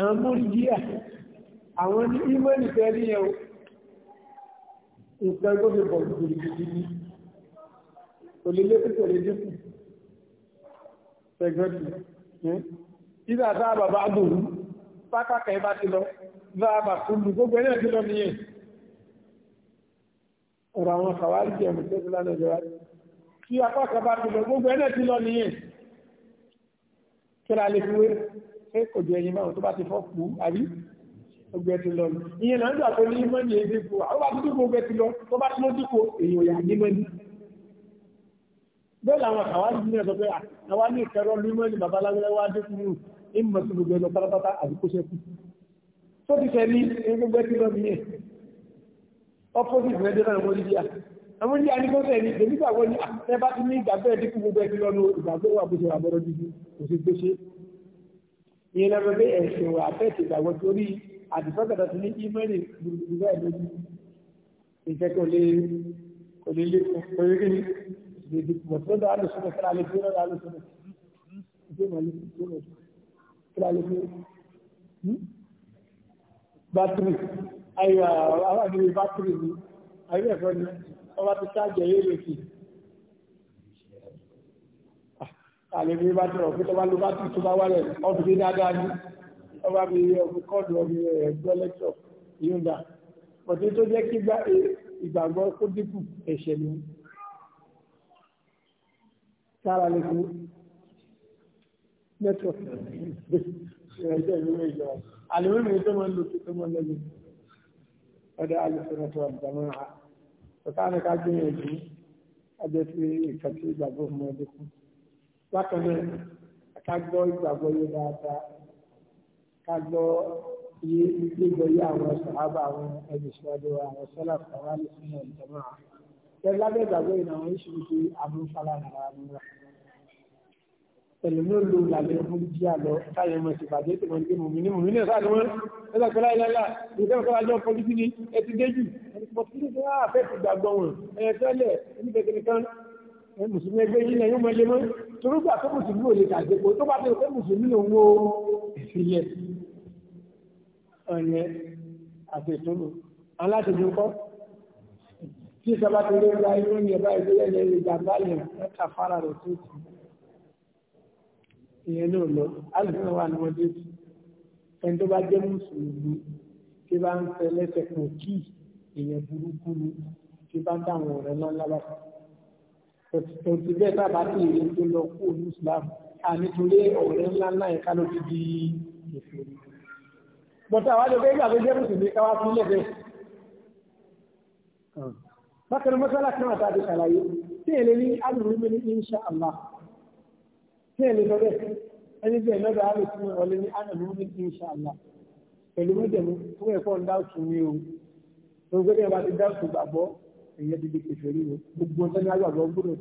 àwọn mọ́rìndíà àwọn ní ímọ́lì fẹ́ rí yẹn o nǹkan tó fi bọ̀ gidigidi ní kò lè lékún kò lè dínkù ìgbà tá a bàbá dòwú bákàkà ẹbá ti lọ záàbà kúlù gbogbo ẹ̀rẹ́ ti lọ nìyẹn ọ̀rọ̀ àwọn kàwárí jẹ́ ẹ̀mù tẹ́sí lánàá jẹ́ wáyé kí apá kàbá ti lọ gbogbo ẹ̀rẹ́ ti lọ nìyẹn kíra lè fi wé ṣé kò jẹ́ ẹyin máa tó bá ti fọ́ kú àbí gbogbo ẹ̀ ti lọ ìyẹn náà ń gbà pé ní mọ́ni èyí dípò àwọn bá ti dípò gbogbo ẹ̀ ti lọ tó bá ti lọ dípò èyàn yà ní mọ́ni bẹ́ẹ̀ làwọn kàwárí jẹ́ ẹ̀sọ́ pé àwa ní ìkẹrọ ní mọ́ni babaláwo wá dípò ní mọ̀ sí gbogbo ẹlọ pátápátá àti kó ṣẹ́kù tó ti fẹ́ ní gbogbo ẹtí lọ nìyẹn opposite rẹ̀ dé lọ́nà mọ́lídìí à àwọn ilé anígbọ́sẹ̀ ní èmi gbàgbọ́ ní ẹ bá ti ní ìgbàgbọ́ ẹ̀dínkù gbogbo ẹtí lọ́nu ìgbàgbọ́ wà bó ṣe wà bọ́dọ̀ dídí kò sí gbé ṣe ìyẹn lọ́nà pé ẹ̀sìn wà fẹ́ẹ̀tì ìgbàgbọ́ torí àdìsọ́gbàdà ti ní ímẹ́lì gbùgbùgbù ẹ̀ lójú ìjẹ́kọ̀ọ́ lé kò lè lé kò lè rí ìdìbò tó dáa lóṣù tó fẹ́ra lè dúró dáa lóṣù tó fẹ́ra lè dúró ìlàlódé bátìrì àyíwá aláàgbèrè bátìrì ní àyíwá ẹ̀fọ́ ni ọba ti ṣáàjẹ̀ yé lòsì àlèbí ah, bátìrì ọ̀fẹ́ tó bá lo bátìrì tó bá wálẹ̀ ọ̀fẹ́ dáadáa ní ọba mi ọ̀fẹ́ kọ́ọ̀dù ọ̀fẹ́ ẹ̀gbọ́ lẹ́kṣọ̀ yóò ọ̀tí tó jẹ́ kí ìgbàgbọ́ kó dínkù ẹ̀ṣẹ̀ ni sára lè kú network ẹjọ́ ìwé ìjọ àlèwé mi tó máa ń lò tó máa ń lọ yìí ọdẹ alùpùpù tó wà jàmọ́ ha ọ̀tá ni ká gbìyànjú ọjọ́ tí nǹkan tí ìgbàgbọ́ fún ọdún kù bákan náà ká gbọ́ ìgbàgbọ́ yé dáadáa ká gbọ́ yé gbígbọ́ yé àwọn sàhábà àwọn ẹni síwájú àwọn sọ́là fún àwọn alùpùpù náà jàmọ́ ha tẹ́lá bẹ́ẹ̀ gbàgbọ́ yìí náà wọ́n ń ṣe pẹ̀lú ló lo ìlànà ìfún jí àlọ́ táyẹ̀ mọ̀ sí ìbàjẹ́ tí wọ́n ń gbé mọ̀mí ní mọ̀mí náà sáà ni wọ́n ẹ̀sà kọ́lá ìlàlá ìjọba kọ́lá jọ pọ̀lú sí ni ẹtì déjì pọ̀tí ní sọ́lá àfẹ́ ah, ti gbàgbọ́ wọn ẹ̀yẹ tẹ́lẹ̀ oníkẹ̀kẹ́ nìkan mùsùlùmí ẹgbẹ́ yìí lẹ́yìn mọ́lẹ́ mọ́ torúgbà tó mùsùlùmí ò lè tàjẹ́ pé tó bá ti pé mùsùlùmí òun fara rẹ̀ ìyẹn náà lọ alùpùpù wà ní wọn déjì ẹni tó bá jẹ́ mùsùlùmí tí bá ń fẹ́ lẹ́sẹ̀ kan kí èèyàn burúkú ni tí bá ń dáwọn ọ̀rẹ́ náà lábàá tòtí bẹ́ẹ̀ bàbá tí èyí tó lọ kú òní islam à nítorí ọ̀rẹ́ ńlá ńlá yẹn ká ló ti di ìṣòro. bọ́tà àwọn àjọpẹ́ ìgbà tó jẹ́ mùsùlùmí káwá fún lẹ́bẹ̀. Hmm. bákan náà mọ́sálà kan àtàdé ṣàlàyé tí èlé ní alùpùpù ní insha allah tí ẹ̀ lè sọ bẹ́ẹ̀ ẹni bẹ́ẹ̀ lọ́dọ̀ á lè fún ọ lé ní ánàmú ní inṣàlá pẹ̀lú mọ́jẹ̀mú fún ẹ̀kọ́ ń dáùtù ní o lórí pé ẹ̀bá ti dáùtù gbàgbọ́ ẹ̀yẹ ti di kẹfẹ́ rí o gbogbo ọ̀sẹ̀ ní agbàgbọ́ gbọ́dọ̀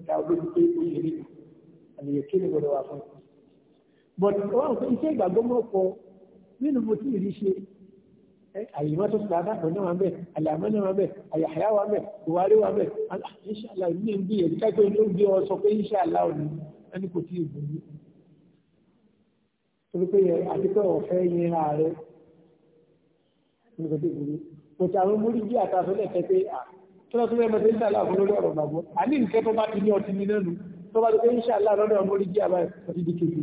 ta but wọn fún iṣẹ́ ìgbàgbọ́ mọ́ pọ̀ nínú mo ti rí ṣe àyèmọ́ tó sọ adáàbọ̀ náà wà bẹ́ẹ̀ àlàmọ́ náà wà bẹ́ẹ̀ àyàhàyà wà bẹ́ẹ̀ ìwárí wà bẹ́ẹ̀ ẹni kò tí ì bùnú torí pé yẹ àtikọ́ ọ̀fẹ́ yẹn ààrẹ ẹni kò tí ì bùnú kò tí àwọn múrí bí àtàfẹ́lẹ̀ tẹ́ pé à tọ́lá tó mẹ́mọ́ tó ń dàlá fún lórí ọ̀rọ̀ bàbọ́ a ní nǹkẹ́ tó bá ti ní ọtí ní nẹ́nu tó bá ti pé ń ṣàlá lọ́dọ̀ múrí bí àbá ọtí di kejì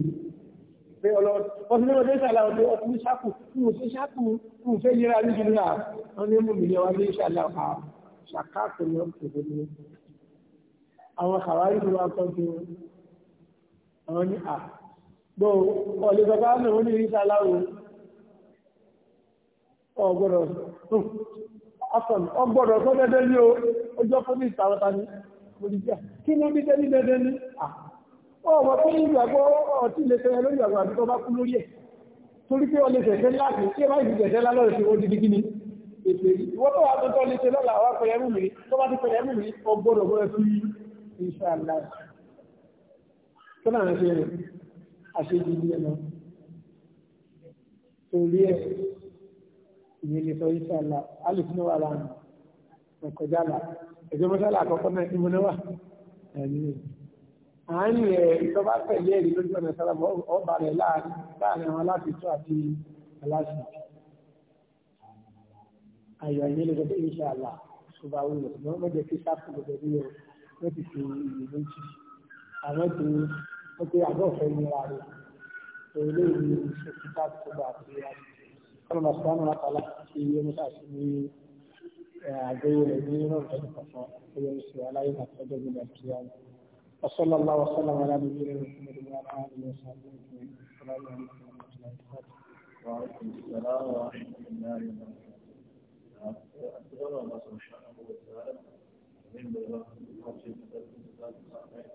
pé ọlọ́wọ́ ọtí mẹ́mọ́ tó ń ọtí ní ṣáàpù ń ṣe àwọn ní à gbọ́ ọ̀lẹ́ sọpá mẹ́rin ní ìrísà aláwò ọgbọ́dọ̀ ọgbọ́dọ̀ sọ dẹ́dẹ́ ní o ọjọ́ fún ní ìtàwọ́ta ní olùjá kí ló bí dẹ́ni dẹ́dẹ́ ní à ọmọ pé ìgbàgbọ́ ọtí lè fẹ́ lórí àgbà àti tọba kú lórí ẹ̀ torí pé ọlẹ́ fẹ̀fẹ́ láti tí ẹ bá ìlú fẹ̀fẹ́ lálọ́rẹ̀ sí ó di dígí ni ètò èyí wọ́n tó wà tó tọ́ lè lọ́la àwọn pẹ̀lẹ́mù mi tó bá ti pẹ̀lẹ́mù mi ọgbọ́dọ̀ gbọ́dọ̀ sí ìṣàlàyé tó náà ṣe rìn àṣejù ní ẹ̀nà torí ẹ̀ ìyẹn lè sọ ìṣẹ́ àlà alìfínà wà láàrin ọ̀kọ̀já àlà ẹ̀jọ́ mọ́sálà àkọ́kọ́ náà ìmọ̀ náà wà ẹ̀mí àárín ẹ̀ ìjọba pẹ̀lú ẹ̀rí lójú ọ̀nà sára ọba rẹ̀ láàrin àwọn aláfíìtọ́ àti aláṣẹ ayọ̀ ìyẹn lè sọ pé ìṣẹ́ àlà ṣùgbọ́n àwọn olùsọ̀rọ̀ mọ́jẹ́ kí sáfù gbogbo ẹ̀rí wọ́n ti fi ìlú méjì àwọn tó wípé àgọ́fẹ́ ní ra rẹ̀ èlé ìlú ṣèkítà tó bá ti ra rẹ̀ kọ́lọ́mà sọ́nà látàlá ti yé ní sàṣì ní àgbéyé rẹ̀ ní rọ̀rùn tó kọ̀ọ̀kan tó yẹ sí aláyé àti ọjọ́ gbogbo àti ìyàwó وصلى الله وسلم على نبينا محمد وعلى اله وصحبه اجمعين السلام عليكم ورحمه الله وبركاته وعليكم السلام ورحمه الله وبركاته أتبرع الله سبحانه وتعالى من بلغة